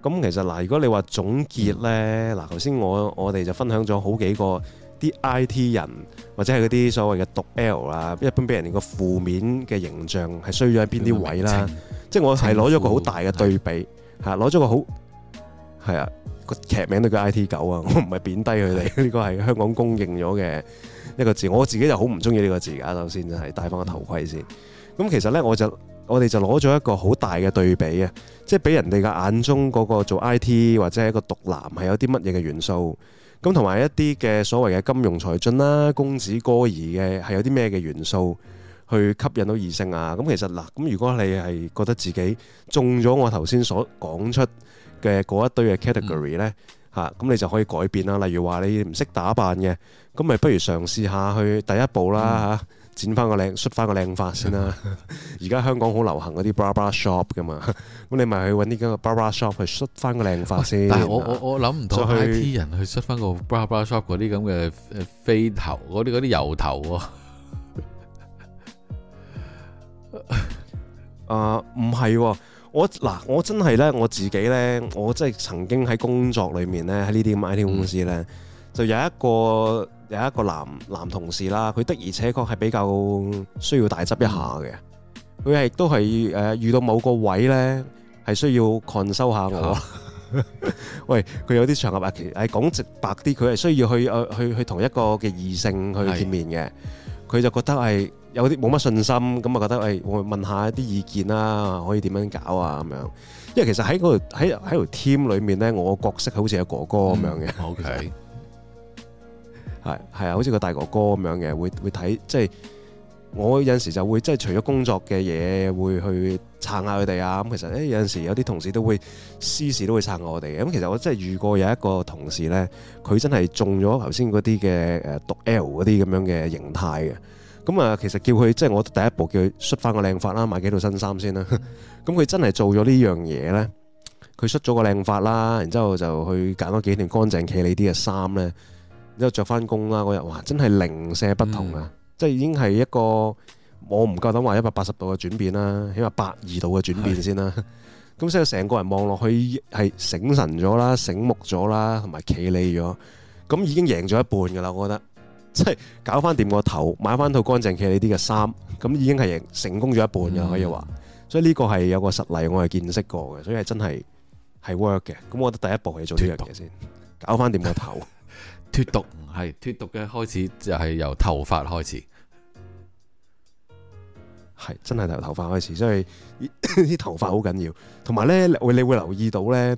A: 咁、嗯、其實嗱，如果你話總結咧，嗱頭先我我哋就分享咗好幾個。啲 IT 人或者係嗰啲所謂嘅毒 L 啊，一般俾人哋個負面嘅形象係衰咗喺邊啲位啦？即係我係攞咗個好大嘅對比吓，攞咗個好，係啊，個劇名都叫 IT 狗啊！我唔係貶低佢哋，呢個係香港公認咗嘅一個字，的我自己就好唔中意呢個字啊！首先係戴翻個頭盔先。咁的其實呢，我就我哋就攞咗一個好大嘅對比啊！即係俾人哋嘅眼中嗰個做 IT 或者係一個毒男係有啲乜嘢嘅元素。咁同埋一啲嘅所謂嘅金融才俊啦，公子哥兒嘅係有啲咩嘅元素去吸引到異性啊？咁其實嗱，咁如果你係覺得自己中咗我頭先所講出嘅嗰一堆嘅 category 呢、嗯，嚇咁、啊、你就可以改變啦。例如話你唔識打扮嘅，咁咪不如嘗試下去第一步啦嚇。嗯。剪翻個靚，梳翻個靚髮先啦！而 家香港好流行嗰啲 barber shop 噶嘛，咁 你咪去搵啲咁嘅 barber shop 去梳翻個靚髮先。但係我我我諗唔到 I T 人
B: 去梳翻個 barber shop 嗰啲咁嘅誒
A: 飛頭，嗰啲啲油頭啊！唔 係、呃啊，我嗱，我真係咧，我自己咧，我真係曾經喺工作裏面咧，喺呢啲咁 I T 公司咧，嗯、就有一個。有一個男男同事啦，佢的而且確係比較需要大執一下嘅，佢亦都係誒遇到某個位咧，係需要 consult 下我。哦、 喂，佢有啲場合啊，其實係講直白啲，佢係需要去去去，去同一個嘅異性去見面嘅，佢是就覺得係有啲冇乜信心，咁啊覺得誒、哎，我問一下啲意見啦，可以點樣搞啊咁樣？因為其實喺嗰喺喺條 team 裏面咧，我角色好似有哥哥咁樣嘅。嗯 okay. 係啊，好似個大哥哥咁樣嘅，會會睇即係我有陣時就會即係除咗工作嘅嘢，會去撐下佢哋啊。咁其實誒有陣時有啲同事都會私事都會撐我哋嘅。咁其實我真係遇過有一個同事呢，佢真係中咗頭先嗰啲嘅毒 L 嗰啲咁樣嘅形態嘅。咁啊，其實叫佢即係我第一步叫佢梳翻個靚髮啦，買幾套新衫先啦。咁佢 真係做咗呢樣嘢呢，佢梳咗個靚髮啦，然之後就去揀咗幾件乾淨企理啲嘅衫呢。之後着翻工啦嗰日，哇！真係零舍不同啊，嗯、即係已經係一個我唔夠膽話一百八十度嘅轉變啦，起碼百二度嘅轉變先啦。咁所以成個人望落去係醒神咗啦、醒目咗啦，同埋企理咗。咁已經贏咗一半噶啦，我覺得。即係搞翻掂個頭，買翻套乾淨企理啲嘅衫，咁已經係成功咗一半噶，可以話、嗯。所以呢個係有個實例，我係見識過嘅，所以係真係係 work 嘅。咁我覺得第一步係做呢樣嘢先，嗯、搞翻掂個頭。 脫毒係脫毒嘅開
B: 始就係由頭髮開始，
A: 係真係由頭髮開始，所以啲 頭髮好緊要。同埋呢，你會留意到呢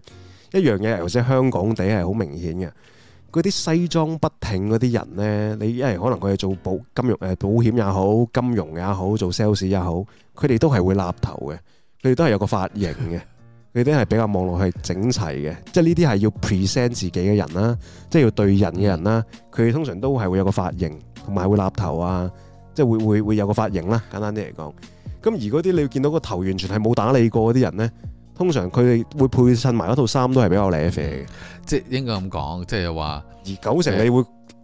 A: 一樣嘢，尤其係香港地係好明顯嘅，嗰啲西裝筆挺嗰啲人呢，你因為可能佢哋做保金融誒，保險也好，金融也好，做 sales 也好，佢哋都係會立頭嘅，佢哋都係有個髮型嘅。 佢啲係比較望落去整齊嘅，即係呢啲係要 present 自己嘅人啦，即係要對人嘅人啦。佢哋通常都係會有個髮型，同埋會立頭啊，即係會會會有個髮型啦。簡單啲嚟講，咁而嗰啲你見到個頭完全係冇打理過嗰啲人咧，通常佢哋會配襯埋嗰套衫都係比較咧啡嘅，
B: 即係應該咁講，即係話。而九成你
A: 會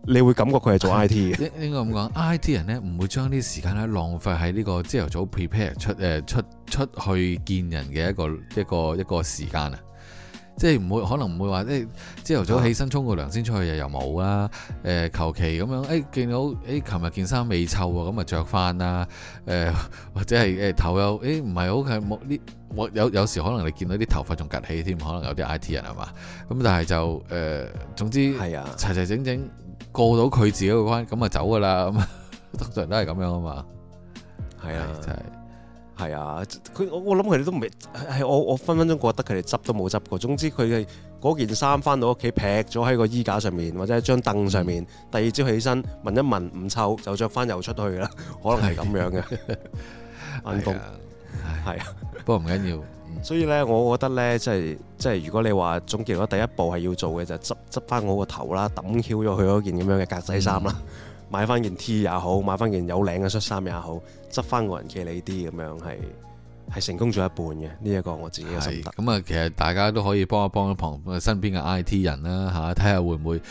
A: 你會感覺佢係
B: 做 I T 嘅，應該咁講，I T 人咧唔會將啲時間咧浪費喺呢個朝頭早 prepare 出誒出出，出去見人嘅一個一個一個時間啊，即係唔會可能唔會話誒朝頭早起身沖個涼先出去又又冇啦誒求其咁樣誒、欸、見到誒琴日件衫未臭啊咁啊，着翻啦誒或者係誒、欸、頭又誒唔係好係冇呢我有有時可能你見到啲頭髮仲趷起添，可能有啲 I T 人係嘛咁，但係就誒、呃、總之係是啊總之齊齊整整。過到佢自己個
A: 關，咁啊走噶啦、嗯，通常都係咁樣啊嘛。係啊，真係，係、就係、啊。佢我我諗佢哋都唔係我我分分鐘覺得佢哋執都冇執過。總之佢哋嗰件衫翻到屋企，劈咗喺個衣架上面或者張凳上面。嗯、第二朝起身聞一聞，唔臭就着翻又出去啦。可能係咁樣嘅運動，係啊，不過唔緊要。所以咧，我覺得咧，即係即係，如果你話總結咗第一步係要做嘅就係，執執翻我個頭啦，抌翹咗佢嗰件咁樣嘅格仔衫啦，嗯、買翻件 T 也好，買翻件有領嘅恤衫也好，執翻個人嘅你啲咁樣係。係成功咗一半嘅呢一個我自己嘅心得。
B: 咁啊、嗯，其實大家都可以幫一幫旁身邊嘅 I T 人啦嚇，睇、啊、下會唔會會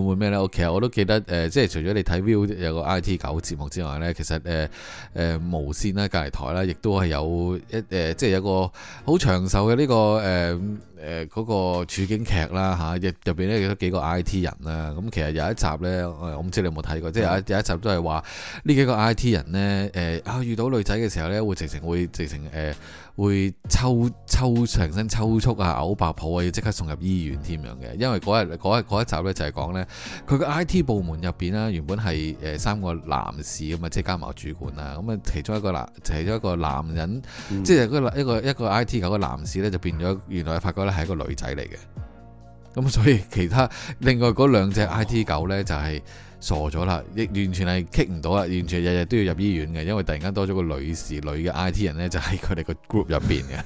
B: 唔會咩呢？我其實我都記得誒、呃，即係除咗你睇 Viu 有個 I T 狗節目之外呢，其實誒誒、呃呃、無線啦、隔離台啦，亦都係有一誒、呃，即係有個好長壽嘅呢個誒。呃誒嗰個處境劇啦嚇，入入邊咧幾多幾個 IT 人啦、啊，咁其實有一集呢，我唔知你有冇睇過？的即係有一集都係話呢幾個 IT 人呢，誒、呃、啊遇到女仔嘅時候呢，會直情會直情誒。呃會抽抽成身抽搐啊嘔白泡啊要即刻送入醫院添樣嘅，因為嗰日嗰一集呢就係講呢，佢個 I T 部門入邊呢，原本係誒三個男士咁啊，即係加埋主管啊，咁啊其中一個男，其中一個男人，嗯、即係一個一個 I T 狗嘅男士呢，就變咗原來發覺呢係一個女仔嚟嘅，咁所以其他另外嗰兩隻 I T 狗呢、就是，就係。傻咗啦，亦完全係棘唔到啊！完全日日都要入醫院嘅，因為突然間多咗個女士女嘅 IT 人呢，就喺佢哋個 group 入邊嘅，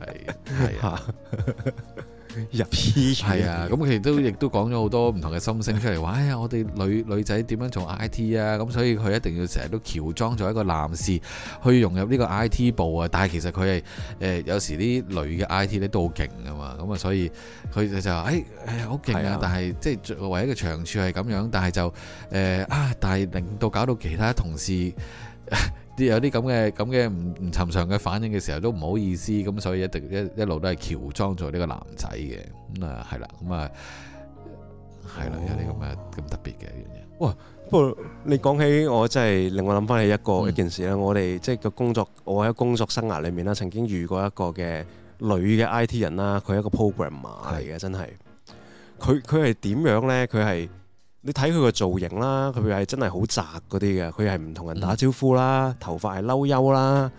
B: 係係入 P 係啊，咁佢亦都亦都講咗好多唔同嘅心聲出嚟，話，哎呀，我哋女女仔點樣做 I T 啊，咁所以佢一定要成日都喬裝做一個男士去融入呢個 I T 部啊，但係其實佢係誒有時啲女嘅 I T 咧都好勁噶嘛，咁啊所以佢就就話誒誒好勁啊，是啊但係即係唯一嘅長處係咁樣，但係就誒啊、呃，但係令到搞到其他同事。 有啲咁嘅咁嘅唔唔尋常嘅反應嘅時候都唔好意思，咁所以一定一一路都係喬裝做呢個
A: 男仔嘅，咁啊係啦，咁啊係啦，有啲咁嘅咁特別嘅一樣嘢。哇！不過你講起我真係令我諗翻起一個一件事啦，我哋即係個工作，我喺工作生涯裏面啦，曾經遇過一個嘅女嘅 IT 人啦，佢係一個 programmer 嚟嘅，真係佢佢係點樣咧？佢係。你睇佢個造型啦，佢係真係好宅嗰啲嘅，佢係唔同人打招呼啦，嗯、頭髮係嬲優啦，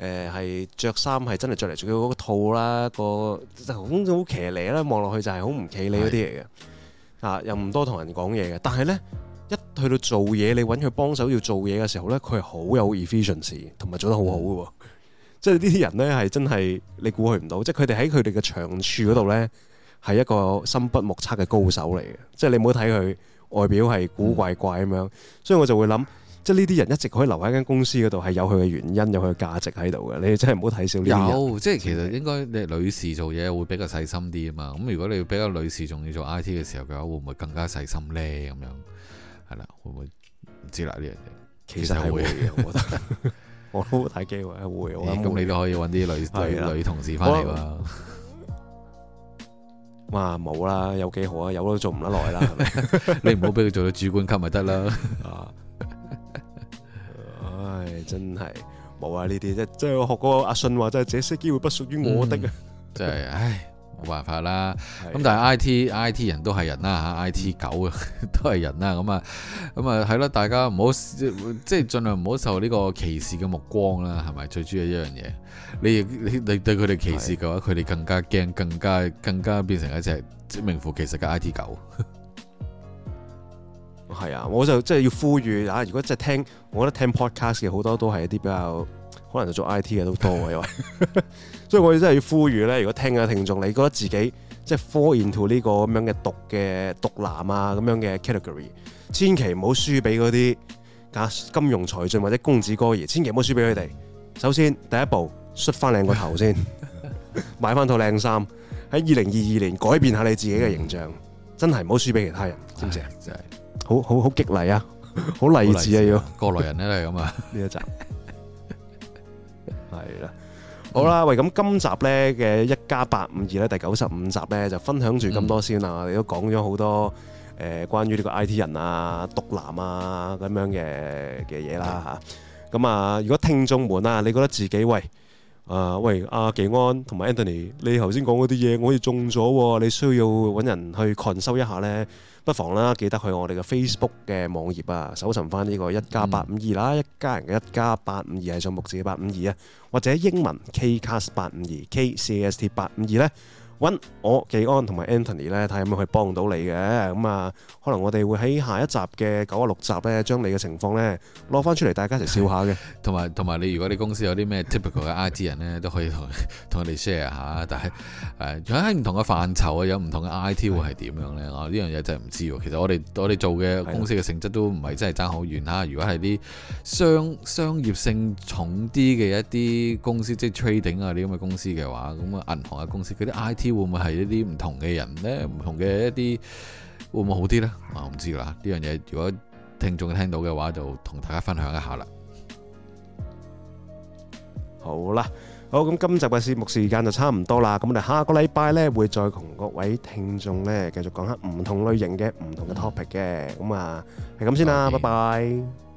A: 誒係着衫係真係着嚟着佢嗰個套啦，個頭髮好騎呢啦，望落去就係好唔企理嗰啲嚟嘅，是啊又唔多同人講嘢嘅，但係呢，一去到做嘢，你揾佢幫手要做嘢嘅時候呢，佢係好有 efficiency，同埋做得好好嘅喎，即係呢啲人呢，係真係你估佢唔到，即係佢哋喺佢哋嘅長處嗰度呢，係一個深不目測嘅高手嚟嘅，即係你唔好睇佢。外表係古怪怪咁樣，嗯、所以我就會諗，即係呢啲人一直可以留喺間公司嗰度，係有佢嘅原因，有佢嘅價值喺度嘅。你真係唔好睇少呢啲人。有，即係是其實
B: 應該你女士做嘢會比較細心啲啊嘛。咁如果你比較女士仲要做 IT 嘅時候嘅話，會唔會更加細心咧？咁樣
A: 係啦，會唔會唔知啦？呢樣嘢其實會嘅，我覺得，我都睇機會會。咁你都可以揾啲女 女同事翻嚟 哇，冇啦，有幾好啊，有都做唔得耐啦，你唔好俾佢做到主管級咪得啦。唉，真係冇啊呢啲，啫。即即我學過阿信話，真係這些機會不屬於我的，嗯、 真係唉。冇辦法啦，咁的但
B: 係 I T I T 人都係人啦吓，I T 狗都係人啦，咁啊咁啊係咯、啊啊啊啊，大家唔好即係盡量唔好受呢個歧視嘅目光啦，係咪？最主要一樣嘢，你你你對佢哋歧視嘅話，佢哋的更加驚，更加
A: 更加變成一隻即名副其實嘅 I T 狗。係啊，我就即係、就是、要呼籲啊！如果即係聽，我覺得聽 podcast 嘅好多都係一啲比較可能就做 I T 嘅都多，因為。所以我真係要呼籲咧，如果聽嘅聽眾，你覺得自己即係 fall into 呢個咁、啊、樣嘅毒嘅毒男啊咁樣嘅 category，千祈唔好輸俾嗰啲啊金融才俊或者公子哥兒，千祈唔好輸俾佢哋。首先第一步，set 翻靚個頭先， 買翻套靚衫，喺二零二二年改變下你自己嘅形象，真係唔好輸俾其他人，唉知唔知是啊？真係好好好激勵啊，好勵志啊，要過來人咧係咁啊，呢一集係啦。 嗯、好啦，喂！咁今集呢嘅一家八五二咧第九十五集呢，就分享住咁多先啦。嗯、我哋都講咗好多誒、呃、關於呢個 IT 人啊、毒男啊咁樣嘅嘅嘢啦嚇。咁、嗯、啊，如果聽眾們啊，你覺得自己喂？Uh, 啊，喂，阿技安同埋 Anthony，你頭先講嗰啲嘢，我好似中咗喎，你需要揾人去群收一下呢？不妨啦，記得去我哋嘅 Facebook 嘅網頁啊，搜尋返呢個一家八五二啦，嗯、一家人嘅一家八五二係數目字嘅八五二啊，或者英文 KCast 八五二 k c s t 八五二呢。揾我紀安同埋 Anthony 咧，睇下有冇可以幫到你嘅，咁啊？可能我哋會喺下一集嘅九啊六集咧，將你嘅情況咧攞翻出嚟，大家一齊笑一下嘅。同埋同埋，你如果你
B: 公司有啲咩 typical 嘅 IT 人咧， 都可以同同我哋 share 下。但係誒，喺、呃、唔同嘅範疇的啊，有唔同嘅 IT 會係點樣咧？哦，呢樣嘢真係唔知喎。其實我哋我哋做嘅公司嘅性質都唔係真係爭好遠嚇。的如果係啲商商業性重啲嘅一啲公司，即係 trading 啊啲咁嘅公司嘅話，咁啊銀行嘅公司佢啲 IT。會唔會係一啲唔同嘅人呢？唔同嘅一啲會唔會好啲呢？我唔知噶啦，呢樣嘢
A: 如果聽眾聽到嘅話，就同大家分享一下啦。好啦，好咁，今集嘅節目時間就差唔多啦。咁我哋下個禮拜呢會再同各位聽眾呢繼續講下唔同類型嘅唔同嘅 topic 嘅。咁啊，係咁先啦，拜拜。